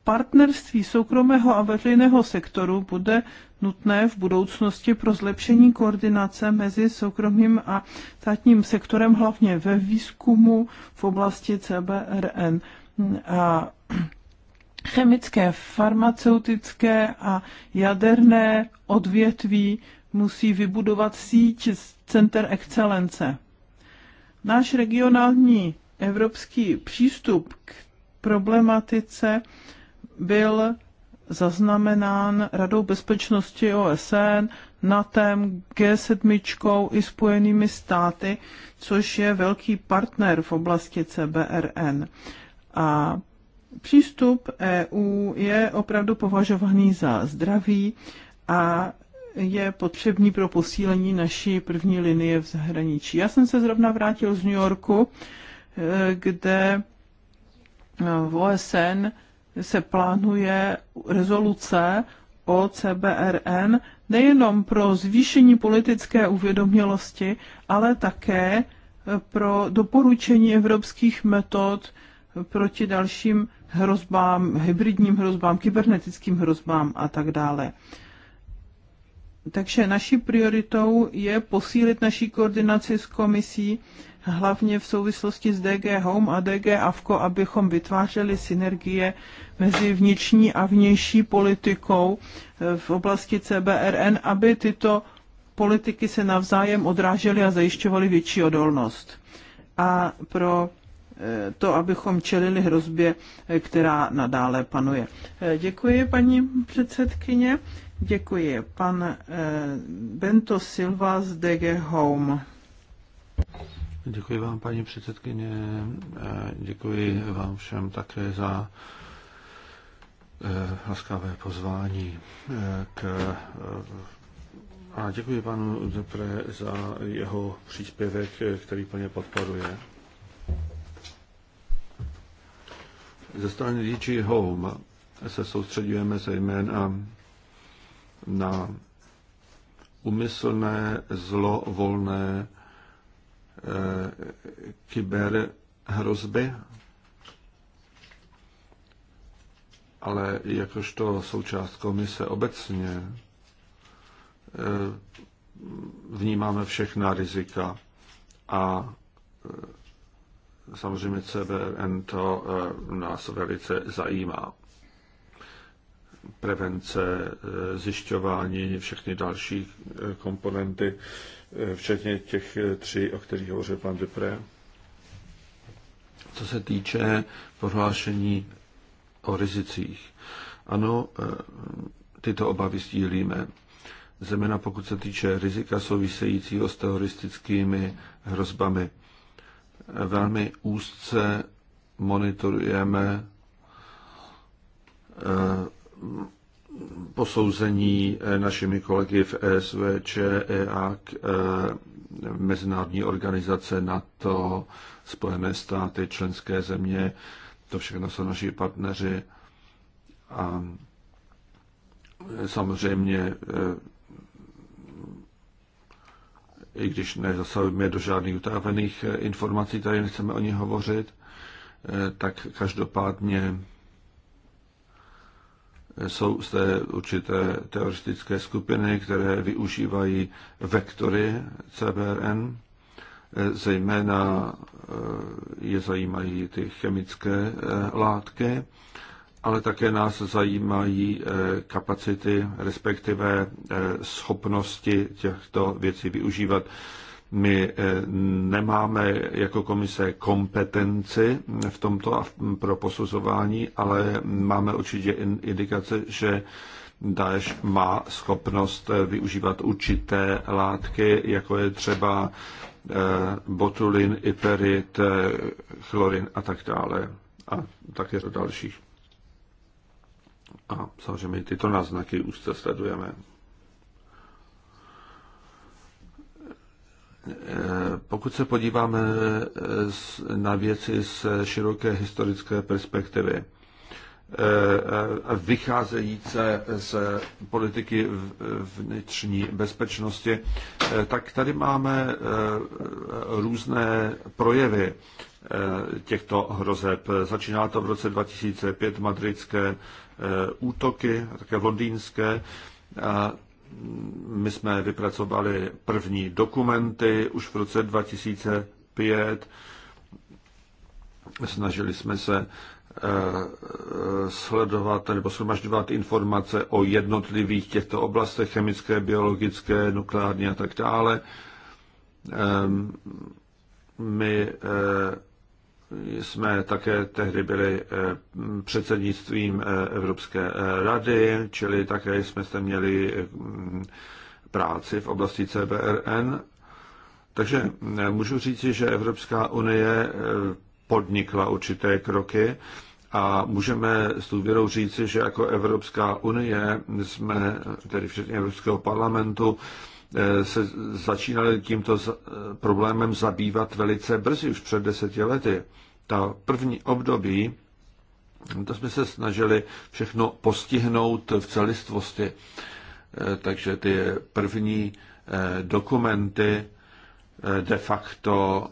Partnerství soukromého a veřejného sektoru bude nutné v budoucnosti pro zlepšení koordinace mezi soukromým a státním sektorem, hlavně ve výzkumu v oblasti CBRN. A chemické, farmaceutické a jaderné odvětví musí vybudovat síť center excelence. Náš regionální evropský přístup k problematice byl zaznamenán Radou bezpečnosti OSN, NATEM, G7 i Spojenými státy, což je velký partner v oblasti CBRN. A přístup EU je opravdu považovaný za zdravý a je potřebný pro posílení naší první linie v zahraničí. Já jsem se zrovna vrátil z New Yorku, eh, kde eh, v OSN se plánuje rezoluce o CBRN nejenom pro zvýšení politické uvědomělosti, ale také eh, pro doporučení evropských metod proti dalším hrozbám, hybridním hrozbám, kybernetickým hrozbám a tak dále. Takže naší prioritou je posílit naší koordinaci s komisí, hlavně v souvislosti s DG Home a DG AVKO, abychom vytvářeli synergie mezi vnitřní a vnější politikou eh, v oblasti CBRN, aby tyto politiky se navzájem odrážely a zajišťovaly větší odolnost. A pro eh, to, abychom čelili hrozbě, eh, která nadále panuje. Děkuji, paní předsedkyně. Děkuji. Pan eh, Bento Silva z DG Home. Děkuji vám, paní předsedkyně. Eh, děkuji vám všem také za eh, laskavé pozvání k a děkuji panu Depre za jeho příspěvek, který plně podporuje. Ze strany DG Home se soustředujeme zejména na umyslné, zlovolné eh, kyberhrozby, ale jakožto součást komise obecně eh, vnímáme všechna rizika a eh, samozřejmě CBN to nás velice zajímá prevence, eh, zjišťování, všechny další eh, komponenty, eh, včetně těch tří, o kterých hovořil pan Dupré. Co se týče prohlášení o rizicích. Ano, tyto obavy sdílíme. Zeměna, pokud se týče rizika souvisejícího s teroristickými hrozbami. Velmi úzce monitorujeme posouzení eh, našimi kolegy v ESVČ, EAC, eh, Mezinárodní organizace NATO, Spojené státy, členské země, to všechno jsou naši partneři. A eh, samozřejmě, i když nezasahujeme do žádných utávených informací, tady nechceme o nich hovořit, tak každopádně jsou zde určité teoretické skupiny, které využívají vektory CBRN, zejména eh, je zajímají ty chemické eh, látky, ale také nás zajímají eh, kapacity, respektive schopnosti těchto věcí využívat. My eh, nemáme jako komise kompetenci v tomto a pro posuzování, ale máme určitě indikace, že Daesh má schopnost eh, využívat určité látky, jako je třeba eh, botulin, iperit, chlorin a tak dále. A také do dalších. A samozřejmě tyto náznaky už se sledujeme. Eh, pokud se podíváme eh, na věci z široké historické perspektivy, eh, vycházejíce z politiky vnitřní bezpečnosti, tak tady máme různé projevy těchto hrozeb. Začíná to v roce 2005 madridské útoky, také londýnské my jsme vypracovali první dokumenty už v roce 2005. Snažili jsme se eh, sledovat nebo shromažďovat informace o jednotlivých těchto oblastech, chemické, biologické, nukleární a tak dále. Ehm, my eh, jsme také tehdy byli eh, předsednictvím eh, Evropské eh, rady, čili také jsme se měli mm, práci v oblasti CBRN. Takže můžu říci, že Evropská unie podnikla určité kroky a můžeme s důvěrou říci, že jako Evropská unie jsme, tedy včetně Evropského parlamentu, Eh, se začínali tímto eh, problémem zabývat velice brzy, už před deseti lety. Ta první období, to jsme se snažili všechno postihnout v celistvosti. Eh, takže ty první dokumenty de facto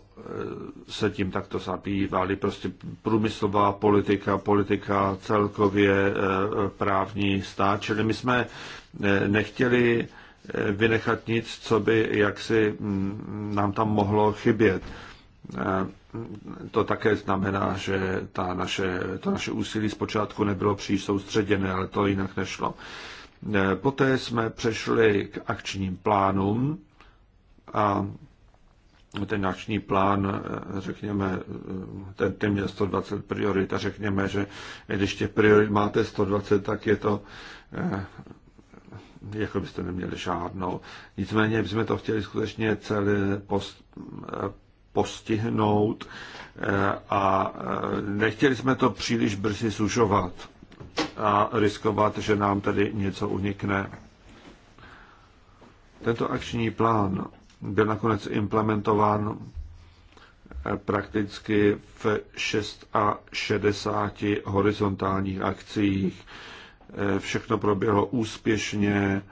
se tím takto zabývaly. Prostě průmyslová politika, politika celkově právní stát. Čili my jsme nechtěli vynechat nic, co by jaksi mm, nám tam mohlo chybět. E, to také znamená, že ta naše, to naše úsilí zpočátku nebylo příliš soustředěné, ale to jinak nešlo. E, poté jsme přešli k akčním plánům a ten akční plán, e, řekněme, ten, ten měl 120 priorit a řekněme, že když těch priorit máte 120, tak je to jako byste neměli žádnou. Nicméně bychom to chtěli skutečně celé post, postihnout eh, a eh, nechtěli jsme to příliš brzy sužovat a riskovat, že nám tady něco unikne. Tento akční plán byl nakonec implementován eh, prakticky v 66 horizontálních akcích Eh, všechno proběhlo úspěšně,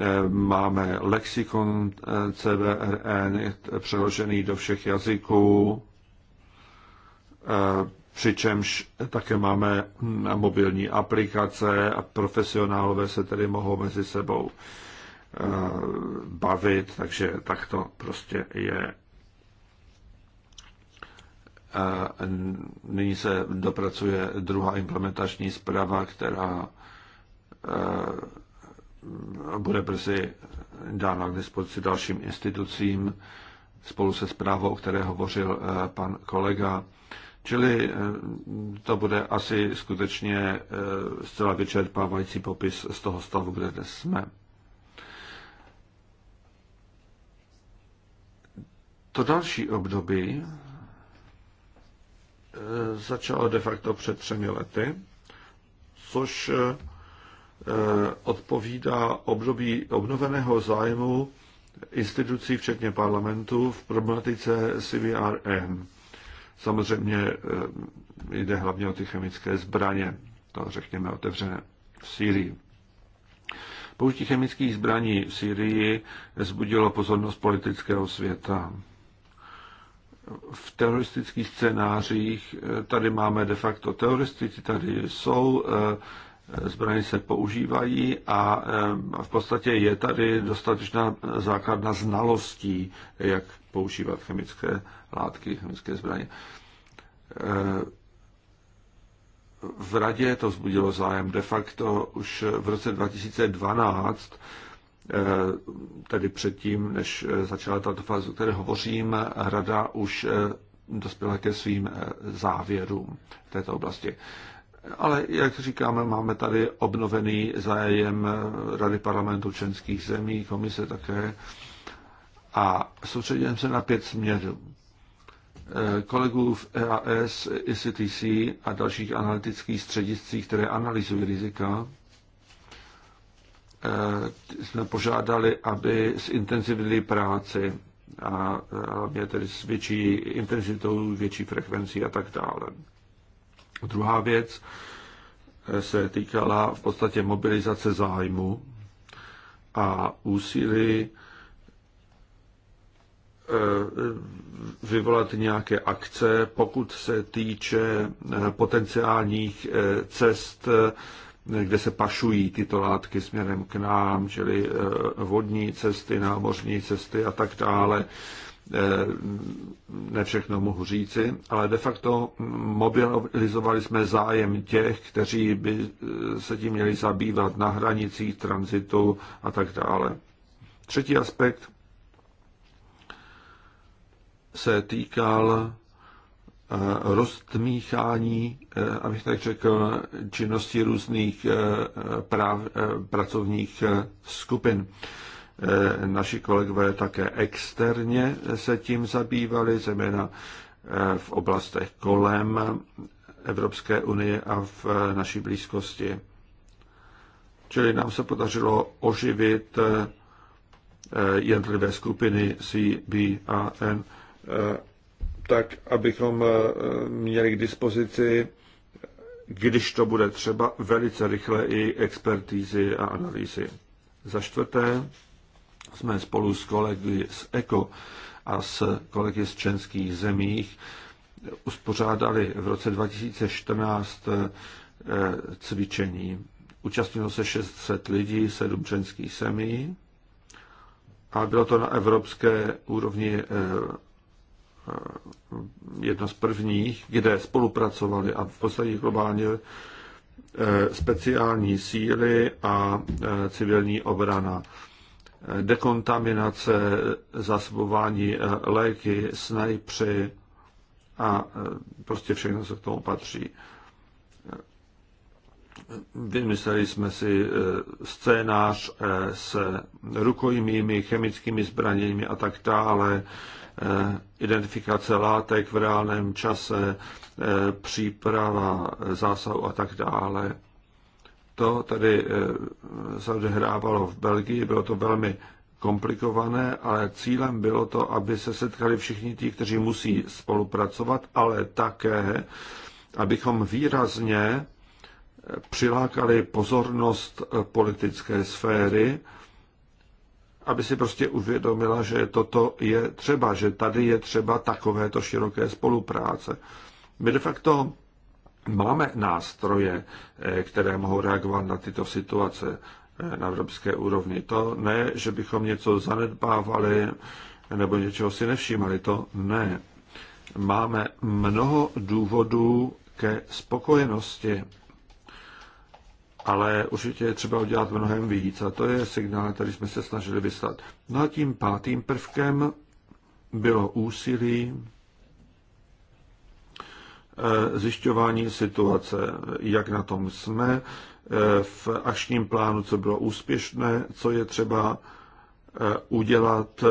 eh, máme lexikon eh, CBRN přeložený do všech jazyků, přičemž také máme hm, mobilní aplikace a profesionálové se tedy mohou mezi sebou bavit, takže tak to prostě je. A nyní se dopracuje druhá implementační zpráva, která eh, bude brzy dána k dispozici dalším institucím spolu se zprávou, o které hovořil eh, pan kolega. Čili eh, to bude asi skutečně zcela vyčerpávající popis z toho stavu, kde dnes jsme. To další období Eh, začalo de facto před třemi lety, což eh, eh, odpovídá období obnoveného zájmu institucí, včetně parlamentu, v problematice CVRN. Samozřejmě jde hlavně o ty chemické zbraně, to řekněme otevřené v Sýrii. Použití chemických zbraní v Syrii zbudilo pozornost politického světa v teroristických scénářích eh, tady máme de facto teroristici, tady jsou, eh, zbraně se používají eh, a v podstatě je tady dostatečná základna znalostí, jak používat chemické látky, chemické zbraně. V radě to vzbudilo zájem de facto už v roce 2012 Eh, tedy předtím, než eh, začala tato fáze, o které hovořím, rada už eh, dospěla ke svým závěrům v této oblasti. Ale, jak říkáme, máme tady obnovený zájem Rady parlamentu členských zemí, komise také. A soustředíme se na pět směrů. Kolegů v EAS, ICTC a dalších analytických střediscích, které analyzují rizika, Eh, jsme požádali, aby zintenzivnili práci a mě tedy s větší intenzitou, větší frekvencí a tak dále. Druhá věc eh, se týkala v podstatě mobilizace zájmu a úsilí eh, vyvolat nějaké akce, pokud se týče potenciálních cest kde se pašují tyto látky směrem k nám, čili eh, vodní cesty, námořní cesty a tak dále. Eh, ne všechno mohu říci, ale de facto mobilizovali jsme zájem těch, kteří by eh, se tím měli zabývat na hranicích, tranzitu a tak dále. Třetí aspekt se týkal roztmíchání, eh, abych tak řekl, činnosti různých eh, práv, eh, pracovních skupin. Naši kolegové také externě se tím zabývali, zejména v oblastech kolem Evropské unie a v naší blízkosti. Čili nám se podařilo oživit jednotlivé skupiny CBAN tak abychom eh, měli k dispozici, když to bude třeba, velice rychle i expertízy a analýzy. Za čtvrté jsme spolu s kolegy z ECO a s kolegy z členských zemích uspořádali v roce 2014 eh, cvičení. Účastnilo se 600 lidí, 7 členských zemí a bylo to na evropské úrovni eh, Eh, jedna z prvních, kde spolupracovali a v podstatě globálně eh, speciální síly a eh, civilní obrana. Dekontaminace, zasobování léky, snajpři a prostě všechno, se k tomu patří. Vymysleli jsme si scénář s rukojmími, chemickými zbraněmi a tak dále Eh, identifikace látek v reálném čase, eh, příprava zásahu a tak dále. To tady eh, se odehrávalo v Belgii, bylo to velmi komplikované, ale cílem bylo to, aby se setkali všichni ti, kteří musí spolupracovat, ale také, abychom výrazně přilákali pozornost politické sféry, aby si prostě uvědomila, že toto je třeba, že tady je třeba takovéto široké spolupráce. My de facto máme nástroje, eh, které mohou reagovat na tyto situace eh, na evropské úrovni. To ne, že bychom něco zanedbávali nebo něčeho si nevšímali, to ne. Máme mnoho důvodů ke spokojenosti ale určitě je třeba udělat mnohem víc a to je signál, který jsme se snažili vyslat. No a tím pátým prvkem bylo úsilí eh, zjišťování situace, jak na tom jsme, eh, v akčním plánu, co bylo úspěšné, co je třeba eh, udělat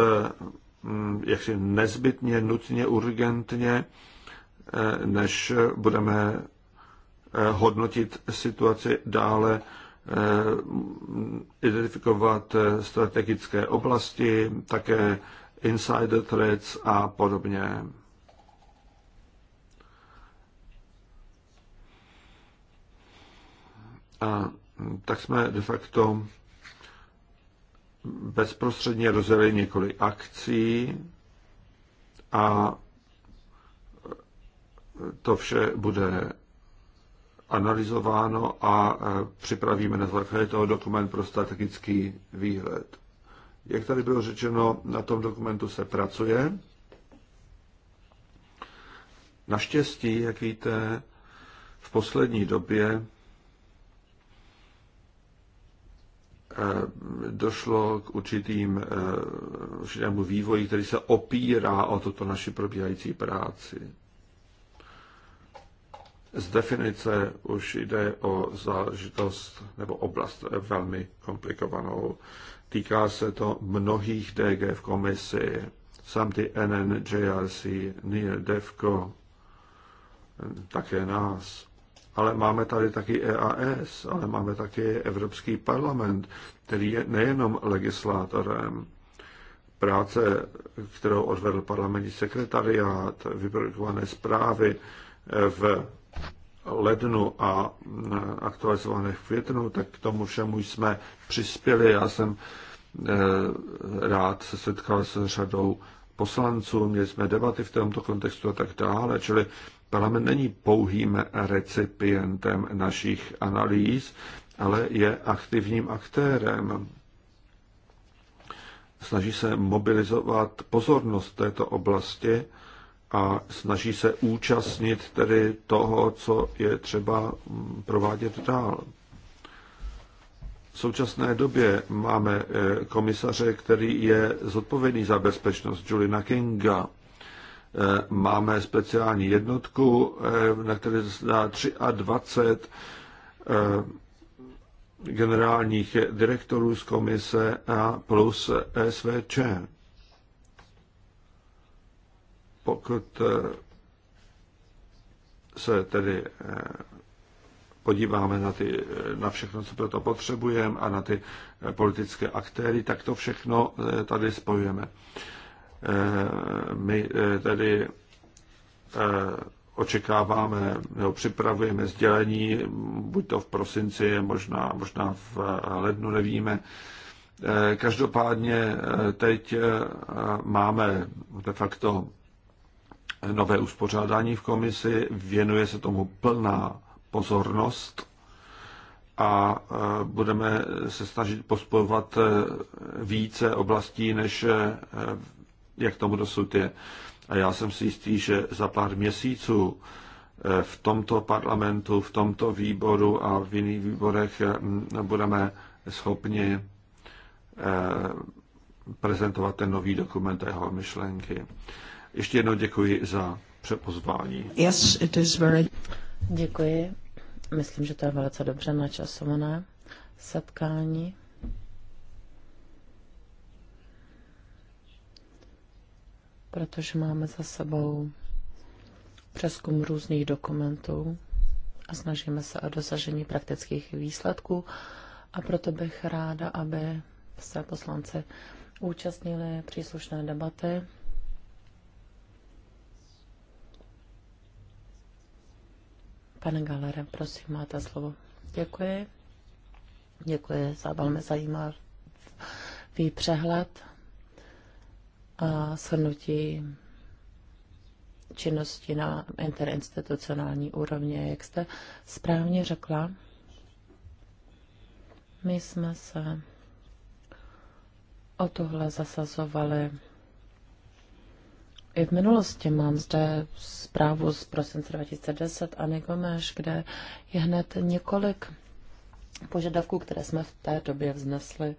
mm, jaksi nezbytně, nutně, urgentně, než budeme Eh, hodnotit situaci dále, eh, identifikovat eh, strategické oblasti, také insider threats a podobně. A tak jsme de facto bezprostředně rozjeli několik akcí a to vše bude analyzováno a e, připravíme na základě toho dokument pro strategický výhled. Jak tady bylo řečeno, na tom dokumentu se pracuje. Naštěstí, jak víte, v poslední době e, došlo k určitým, e, určitému vývoji, který se opírá o tuto naši probíhající práci z definice už jde o záležitost nebo oblast velmi komplikovanou. Týká se to mnohých DG v komisi, sám ty NNJRC, JRC, NIR, DEVCO, také nás. Ale máme tady taky EAS, ale máme taky Evropský parlament, který je nejenom legislátorem. Práce, kterou odvedl parlamentní sekretariát, vyprodukované zprávy v lednu a mm, aktualizované v květnu, tak k tomu všemu jsme přispěli. Já jsem e, rád se setkal s řadou poslanců, měli jsme debaty v tomto kontextu a tak dále, čili parlament není pouhým recipientem našich analýz, ale je aktivním aktérem. Snaží se mobilizovat pozornost této oblasti a snaží se účastnit tedy toho, co je třeba provádět dál. V současné době máme eh, komisaře, který je zodpovědný za bezpečnost Juliana Kinga. Eh, máme speciální jednotku, eh, na které se dá 23 generálních direktorů z komise a plus SVČ. Pokud eh, se tedy eh, podíváme na, ty, eh, na všechno, co proto potřebujeme a na ty politické aktéry, tak to všechno tady spojujeme. My tedy očekáváme, nebo připravujeme sdělení, buď to v prosinci, možná, možná v lednu, nevíme. Každopádně teď máme de facto nové uspořádání v komisi, věnuje se tomu plná pozornost a e, budeme se snažit pospojovat e, více oblastí, než e, jak tomu dosud je. A já jsem si jistý, že za pár měsíců v tomto parlamentu, v tomto výboru a v jiných výborech budeme schopni prezentovat ten nový dokument a jeho myšlenky. Ještě jednou děkuji za přepozvání. Yes, it is very... Děkuji. Myslím, že to je velice dobře načasované setkání. Protože máme za sebou přeskum různých dokumentů a snažíme se o dosažení praktických výsledků. A proto bych ráda, aby se poslanci účastnili příslušné debaty Pane Galere, prosím, máte slovo. Děkuji. Děkuji za velmi zajímavý přehled a shrnutí činnosti na interinstitucionální úrovni, jak jste správně řekla. My jsme se o tohle zasazovali i v minulosti. Mám zde zprávu z prosince 2010 a Gomeš, kde je hned několik požadavků, které jsme v té době vznesli.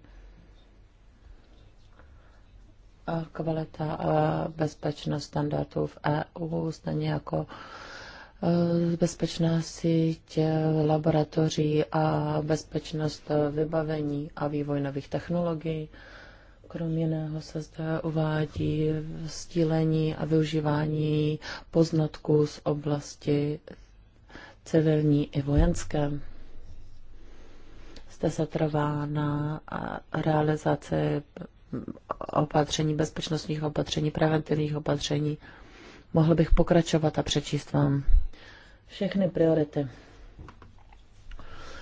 A kvalita a bezpečnost standardů v EU, stejně jako e, bezpečná síť laboratoří a bezpečnost vybavení a vývoj nových technologií. Kromě jiného se zde uvádí sdílení a využívání poznatků z oblasti civilní i vojenské. Zde se trvá na realizaci opatření, bezpečnostních opatření, preventivních opatření. Mohl bych pokračovat a přečíst vám všechny priority.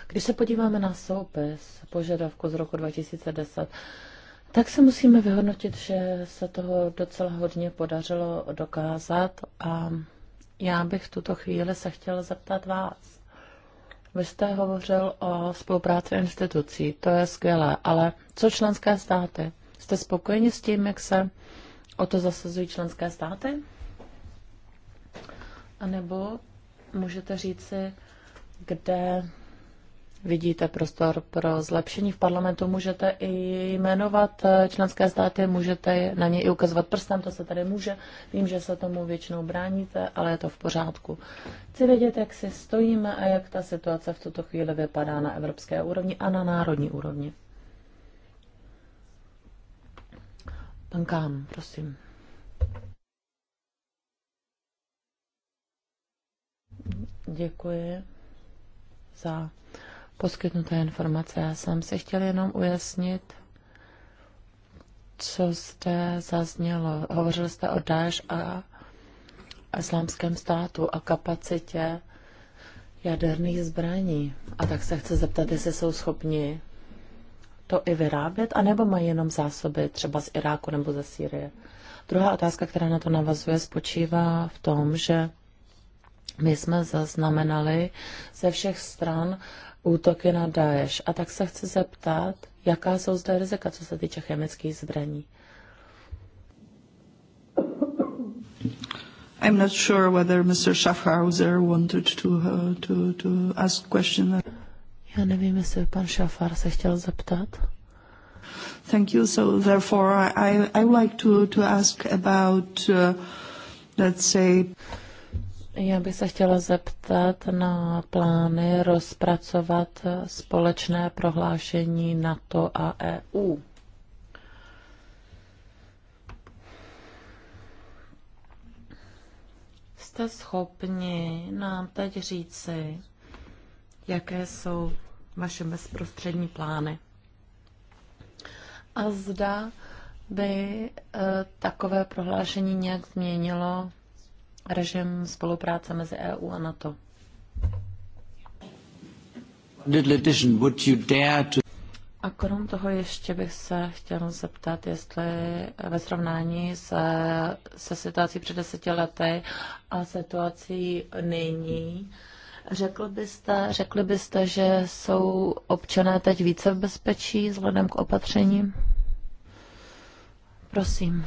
Když se podíváme na soupis požadavku z roku 2010, tak se musíme vyhodnotit, že se toho docela hodně podařilo dokázat a já bych v tuto chvíli se chtěla zeptat vás. Vy jste hovořil o spolupráci institucí, to je skvělé, ale co členské státy? Jste spokojeni s tím, jak se o to zasazují členské státy? A nebo můžete říci, kde vidíte prostor pro zlepšení v parlamentu, můžete i jmenovat eh, členské státy, můžete na ně i ukazovat prstem, to se tady může. Vím, že se tomu většinou bráníte, ale je to v pořádku. Chci vědět, jak si stojíme a jak ta situace v tuto chvíli vypadá na evropské úrovni a na národní úrovni. Pan Kám, prosím. Děkuji za poskytnuté informace. Já jsem si chtěl jenom ujasnit, co zde zaznělo. Hovořil jste o Daesh a islámském státu a kapacitě jaderných zbraní. A tak se chci zeptat, jestli jsou schopni to i vyrábět, anebo mají jenom zásoby třeba z Iráku nebo ze Sýrie. Druhá otázka, která na to navazuje, spočívá v tom, že my jsme zaznamenali ze všech stran útoky na Daesh. A tak se chci zeptat, jaká jsou zde rizika, co se týče chemických zbraní. I'm not sure whether Mr. Schaffhauser wanted to, uh, to, to ask question. Já nevím, jestli pan Šafar se chtěl zeptat. Thank you. So therefore, I, I would like to, to ask about, uh, let's say, já bych se chtěla zeptat na plány rozpracovat společné prohlášení NATO a EU. Jste schopni nám teď říci, jaké jsou vaše bezprostřední plány? A zda by eh, takové prohlášení nějak změnilo režim spolupráce mezi EU a NATO. A krom toho ještě bych se chtěl zeptat, jestli ve srovnání se, se situací před deseti lety a situací nyní, Řekl byste, řekli byste, že jsou občané teď více v bezpečí vzhledem k opatřením? Prosím.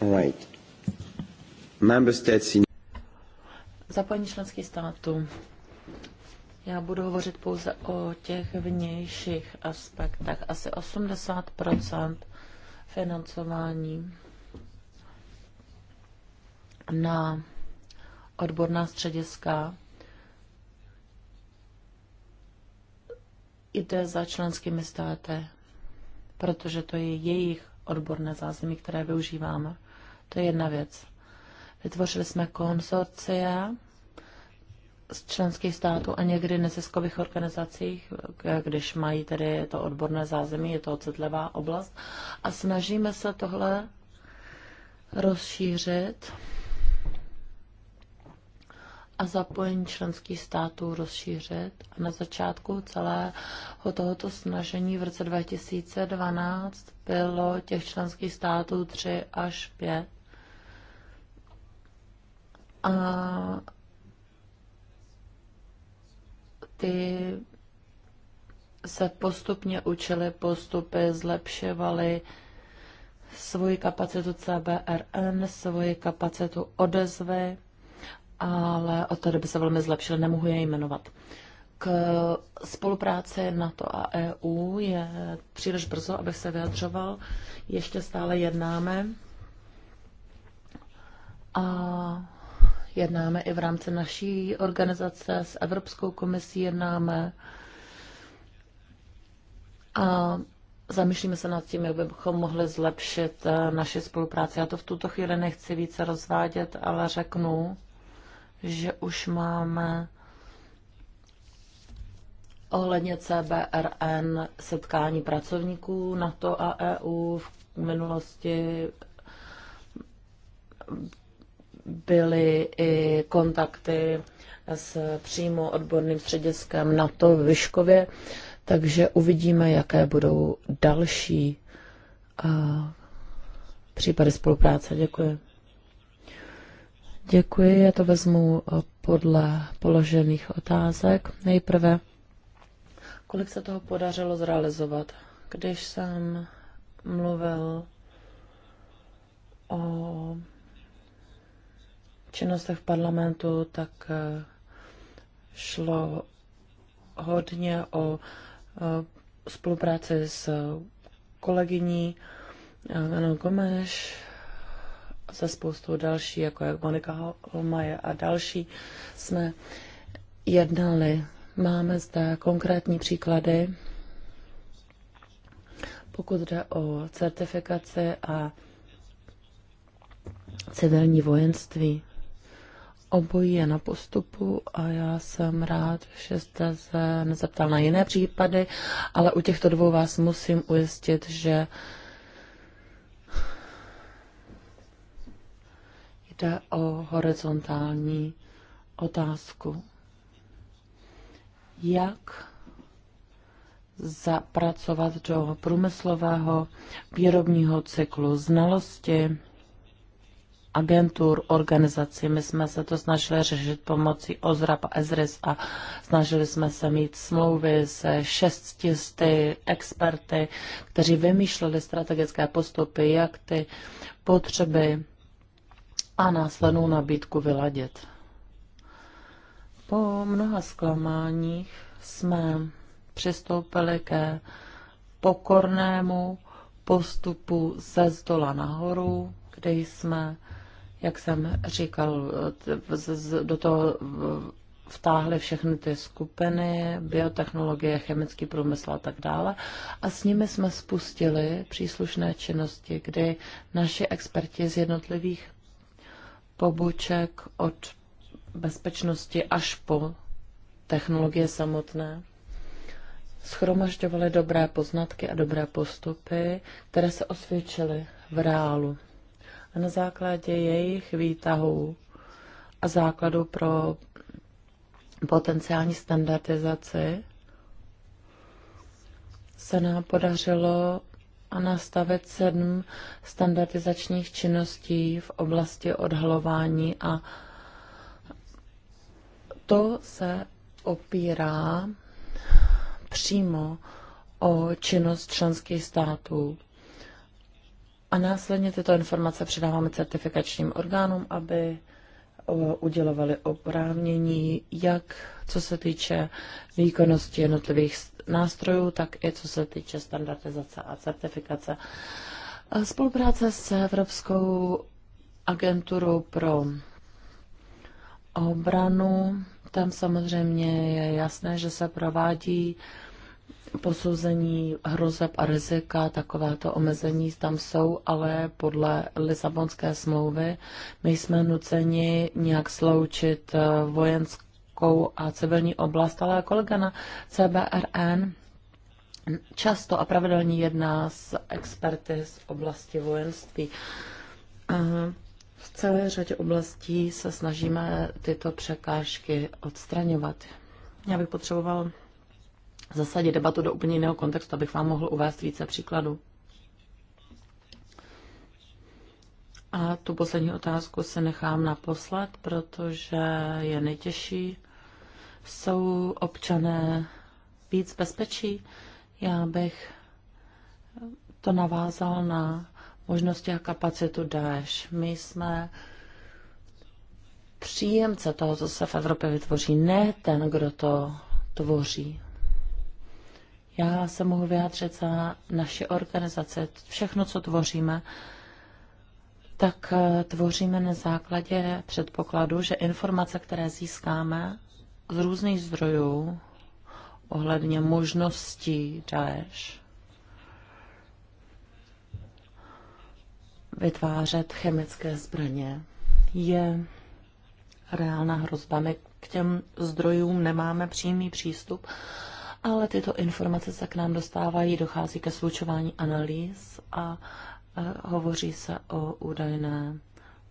Right. Member states in... Zapojení členských států. Já budu hovořit pouze o těch vnějších aspektech. Asi 80 financování na odborná střediska jde za členskými státy, protože to je jejich odborné zázemí, které využíváme. To je jedna věc. Vytvořili jsme konsorcia z členských států a někdy neziskových organizacích, když mají tedy to odborné zázemí, je to ocitlivá oblast. A snažíme se tohle rozšířit a zapojení členských států rozšířit. A na začátku celého tohoto snažení v roce 2012 bylo těch členských států 3 až 5. A ty se postupně učili postupy, zlepšovali svoji kapacitu CBRN, svoji kapacitu odezvy, ale od té doby se velmi zlepšili, nemohu je jmenovat. K spolupráci NATO a EU je příliš brzo, abych se vyjadřoval. Ještě stále jednáme. A jednáme i v rámci naší organizace, s Evropskou komisí jednáme a zamýšlíme se nad tím, jak bychom mohli zlepšit eh, naši spolupráci. Já to v tuto chvíli nechci více rozvádět, ale řeknu, že už máme ohledně CBRN setkání pracovníků NATO a EU v minulosti byly i kontakty s přímo odborným střediskem NATO v Vyškově, takže uvidíme, jaké budou další případy spolupráce. Děkuji. Děkuji, já to vezmu podle položených otázek. Nejprve, kolik se toho podařilo zrealizovat? Když jsem mluvil o činnostech parlamentu, tak eh, šlo hodně o eh, spolupráci s kolegyní eh, Anou Gomeš, se spoustou další, jako je Monika Holmaje a další, jsme jednali. Máme zde konkrétní příklady, pokud jde o certifikaci a civilní vojenství. Obojí je na postupu a já jsem rád, že jste se nezeptal na jiné případy, ale u těchto dvou vás musím ujistit, že jde o horizontální otázku. Jak zapracovat do průmyslového výrobního cyklu znalosti, agentur, organizací. My jsme se to snažili řešit pomocí OZRAP a EZRIS a snažili jsme se mít smlouvy se šestisty experty, kteří vymýšleli strategické postupy, jak ty potřeby a následnou nabídku vyladit. Po mnoha zklamáních jsme přistoupili ke pokornému postupu ze zdola nahoru, kde jsme jak jsem říkal, do toho vtáhly všechny ty skupiny, biotechnologie, chemický průmysl a tak dále. A s nimi jsme spustili příslušné činnosti, kdy naši experti z jednotlivých poboček od bezpečnosti až po technologie samotné schromažďovali dobré poznatky a dobré postupy, které se osvědčily v reálu a na základě jejich výtahů a základu pro potenciální standardizaci se nám podařilo a nastavit sedm standardizačních činností v oblasti odhalování a to se opírá přímo o činnost členských států a následně tyto informace předáváme certifikačním orgánům, aby eh, udělovali oprávnění, jak co se týče výkonnosti jednotlivých nástrojů, tak i co se týče standardizace a certifikace. Spolupráce s Evropskou agenturou pro obranu, tam samozřejmě je jasné, že se provádí posouzení hrozeb a rizika, takováto omezení tam jsou, ale podle Lisabonské smlouvy my jsme nuceni nějak sloučit eh, vojenskou a civilní oblast, ale kolega na CBRN často a pravidelně jedná s experty z oblasti vojenství. V celé řadě oblastí se snažíme tyto překážky odstraňovat. Já bych potřeboval zasadit debatu do úplně jiného kontextu, abych vám mohl uvést více příkladů. A tu poslední otázku se nechám naposled, protože je nejtěžší. Jsou občané víc bezpečí? Já bych to navázal na možnosti a kapacitu Daesh. My jsme příjemce toho, co se v Evropě vytvoří, ne ten, kdo to tvoří. Já se mohu vyjádřit za naše organizace. Všechno, co tvoříme, tak eh, tvoříme na základě předpokladu, že informace, které získáme z různých zdrojů ohledně možností Daesh, vytvářet chemické zbraně, je reálná hrozba. My k těm zdrojům nemáme přímý přístup ale tyto informace se k nám dostávají, dochází ke slučování analýz a e, hovoří se o údajné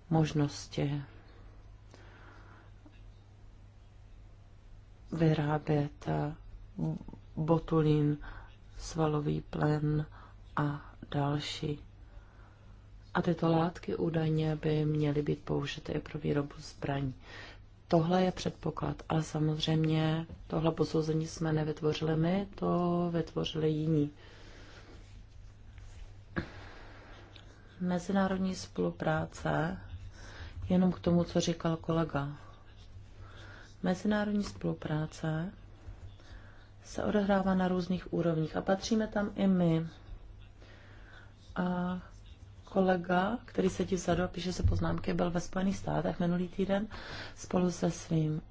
možnosti vyrábět e, botulín, svalový plen a další. A tyto látky údajně by měly být použity i pro výrobu zbraní. Tohle je předpoklad, ale samozřejmě tohle posouzení jsme nevytvořili my, to vytvořili jiní. Mezinárodní spolupráce, jenom k tomu, co říkal kolega. Mezinárodní spolupráce se odehrává na různých úrovních a patříme tam i my. A kolega, který sedí vzadu a píše se poznámky, byl ve Spojených státech minulý týden spolu se svým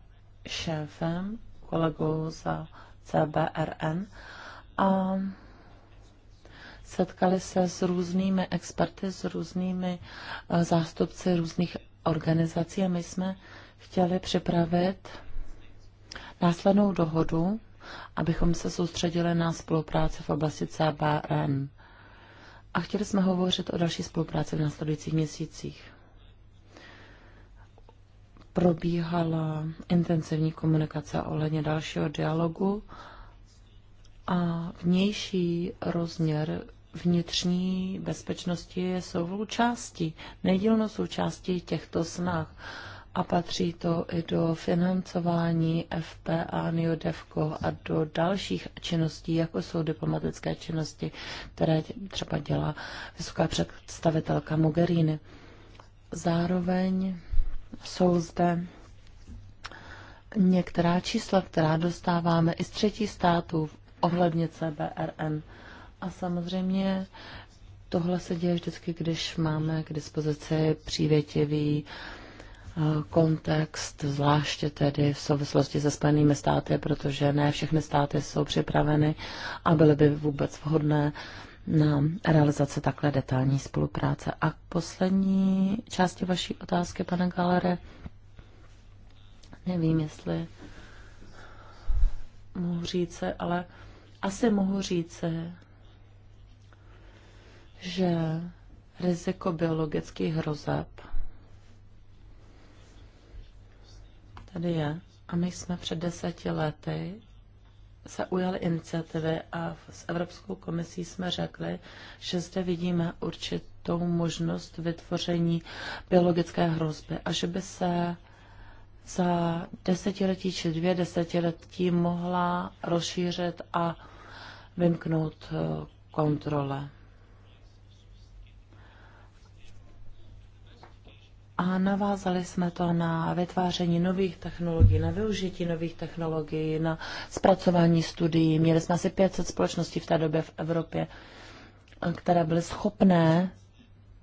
šéfem, kolegou za CBRN a setkali se s různými experty, s různými eh, zástupci různých organizací a my jsme chtěli připravit následnou dohodu, abychom se soustředili na spolupráci v oblasti CBRN a chtěli jsme hovořit o další spolupráci v následujících měsících. Probíhala intenzivní komunikace ohledně dalšího dialogu a vnější rozměr vnitřní bezpečnosti je součástí, nejdílnou součástí těchto snah a patří to i do financování FPA, NIODEVKO a do dalších činností, jako jsou diplomatické činnosti, které třeba dělá vysoká představitelka Mogherini. Zároveň jsou zde některá čísla, která dostáváme i z třetí států ohledně CBRN. A samozřejmě tohle se děje vždycky, když máme k dispozici přívětivý kontext, zvláště tedy v souvislosti se Spojenými státy, protože ne všechny státy jsou připraveny a byly by vůbec vhodné na realizaci takhle detailní spolupráce. A k poslední části vaší otázky, pane Galere, nevím, jestli mohu říct, ale asi mohu říct, že riziko biologických hrozeb tady je. A my jsme před deseti lety se ujali iniciativy a s Evropskou komisí jsme řekli, že zde vidíme určitou možnost vytvoření biologické hrozby a že by se za desetiletí či dvě desetiletí mohla rozšířit a vymknout eh, kontrole. a navázali jsme to na vytváření nových technologií, na využití nových technologií, na zpracování studií. Měli jsme asi 500 společností v té době v Evropě, které byly schopné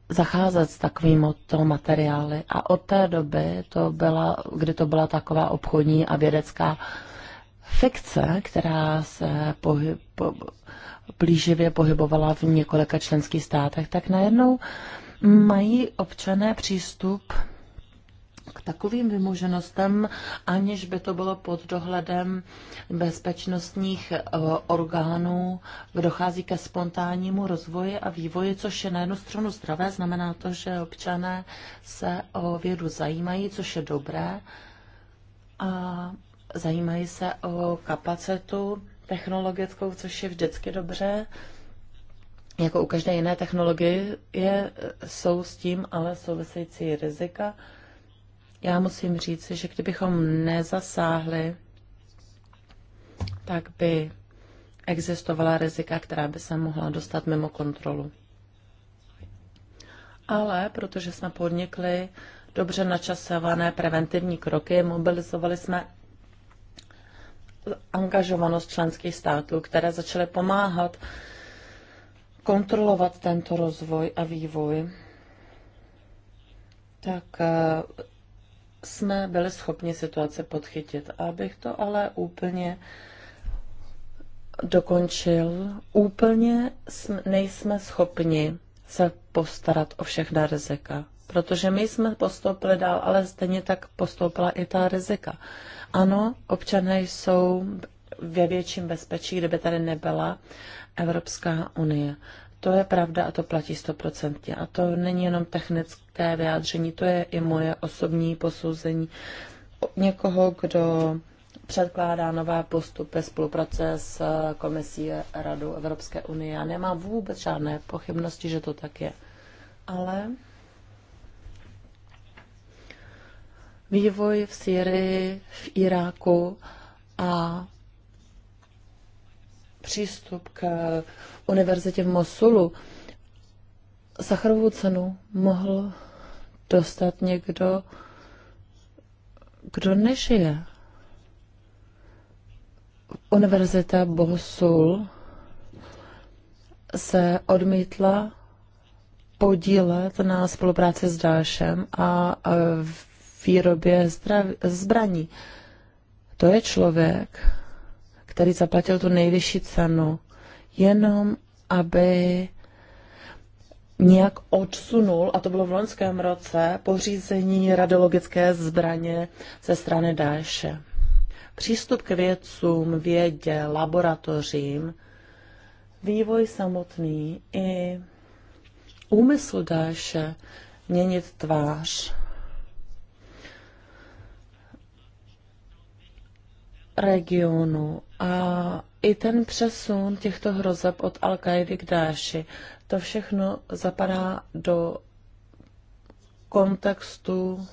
zacházet s takovým to materiály. A od té doby, to byla, kdy to byla taková obchodní a vědecká fikce, která se pohyb, po, plíživě pohybovala v několika členských státech, tak najednou mají občané přístup k takovým vymoženostem, aniž by to bylo pod dohledem bezpečnostních eh, orgánů, dochází ke spontánnímu rozvoji a vývoji, což je na jednu stranu zdravé, znamená to, že občané se o vědu zajímají, což je dobré, a zajímají se o kapacitu technologickou, což je vždycky dobře. Jako u každé jiné technologie je, jsou s tím ale související rizika. Já musím říct, že kdybychom nezasáhli, tak by existovala rizika, která by se mohla dostat mimo kontrolu. Ale protože jsme podnikli dobře načasované preventivní kroky, mobilizovali jsme angažovanost členských států, které začaly pomáhat kontrolovat tento rozvoj a vývoj, tak eh, jsme byli schopni situace podchytit. Abych to ale úplně dokončil, úplně nejsme schopni se postarat o všechna rizika. Protože my jsme postoupili dál, ale stejně tak postoupila i ta rizika. Ano, občané jsou ve větším bezpečí, kdyby tady nebyla Evropská unie. To je pravda a to platí stoprocentně. A to není jenom technické vyjádření, to je i moje osobní posouzení někoho, kdo předkládá nové postupy spolupráce s Komisí Radou Evropské unie. Já nemám vůbec žádné pochybnosti, že to tak je. Ale vývoj v Syrii, v Iráku a přístup k univerzitě v Mosulu, Sacharovou cenu mohl dostat někdo, kdo nežije. Univerzita Bohsul se odmítla podílet na spolupráci s Dášem a výrobě zbraní. To je člověk, který zaplatil tu nejvyšší cenu, jenom aby nějak odsunul, a to bylo v loňském roce, pořízení radiologické zbraně ze strany Dáše. Přístup k vědcům, vědě, laboratořím, vývoj samotný i úmysl Dáše měnit tvář regionu a i ten přesun těchto hrozeb od al k Dáši, to všechno zapadá do kontextu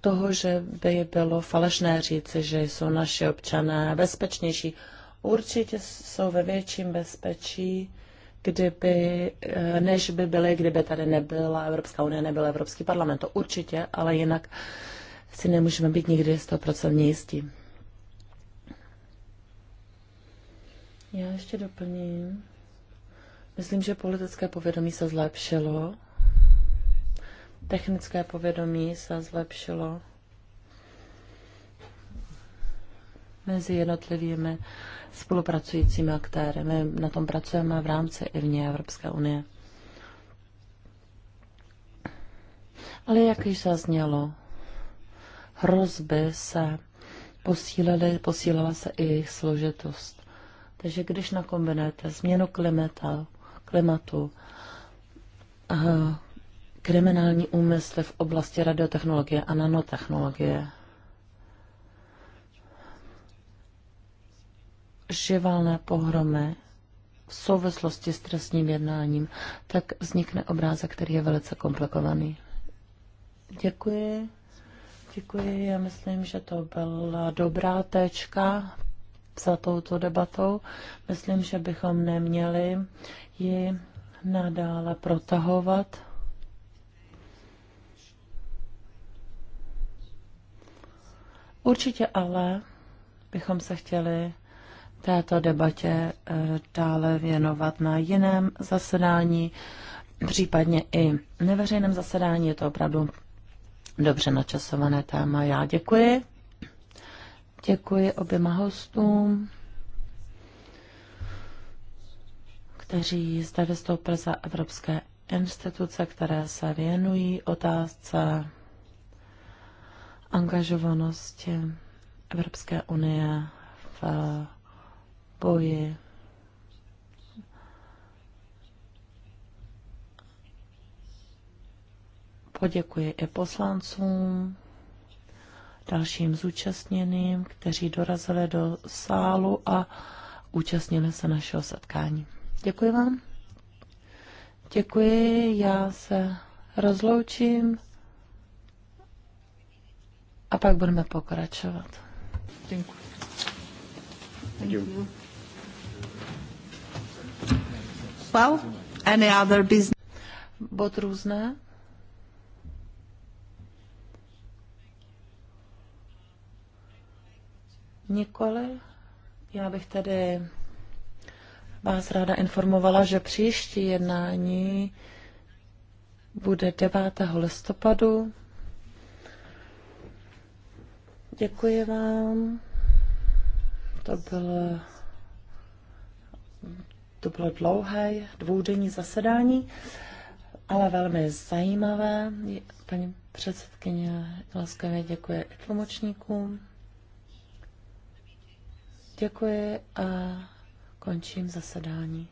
toho, že by bylo falešné říci, že jsou naši občané bezpečnější. Určitě jsou ve větším bezpečí, kdyby, eh, než by byly, kdyby tady nebyla Evropská unie, nebyl Evropský parlament. To určitě, ale jinak si nemůžeme být nikdy 100% jistí. Já ještě doplním. Myslím, že politické povědomí se zlepšilo. Technické povědomí se zlepšilo mezi jednotlivými spolupracujícími aktéry. My na tom pracujeme v rámci i vně Evropské unie. Ale jak již zaznělo, hrozby se posílily, posílala se i jejich složitost. Takže když nakombinujete změnu klimata, klimatu, eh, kriminální úmysly v oblasti radiotechnologie a nanotechnologie, živalné pohromy v souvislosti s trestním jednáním, tak vznikne obrázek, který je velice komplikovaný. Děkuji. Děkuji, já myslím, že to byla dobrá tečka za touto debatou. Myslím, že bychom neměli ji nadále protahovat. Určitě ale bychom se chtěli této debatě eh, dále věnovat na jiném zasedání, případně i neveřejném zasedání. Je to opravdu dobře načasované téma. Já děkuji. Děkuji oběma hostům, kteří zde vystoupili za evropské instituce, které se věnují otázce angažovanosti Evropské unie v boji Poděkuji i poslancům, dalším zúčastněným, kteří dorazili do sálu a účastnili se našeho setkání. Děkuji vám. Děkuji, já se rozloučím a pak budeme pokračovat. Děkuji. Děkuji. Well, any other business? Bod různé. Nikoli. Já bych tedy vás ráda informovala, že příští jednání bude 9. listopadu. Děkuji vám. To bylo, to bylo dlouhé dvoudenní zasedání, ale velmi zajímavé. Paní předsedkyně laskavě děkuje i tlumočníkům. Děkuji a končím zasedání.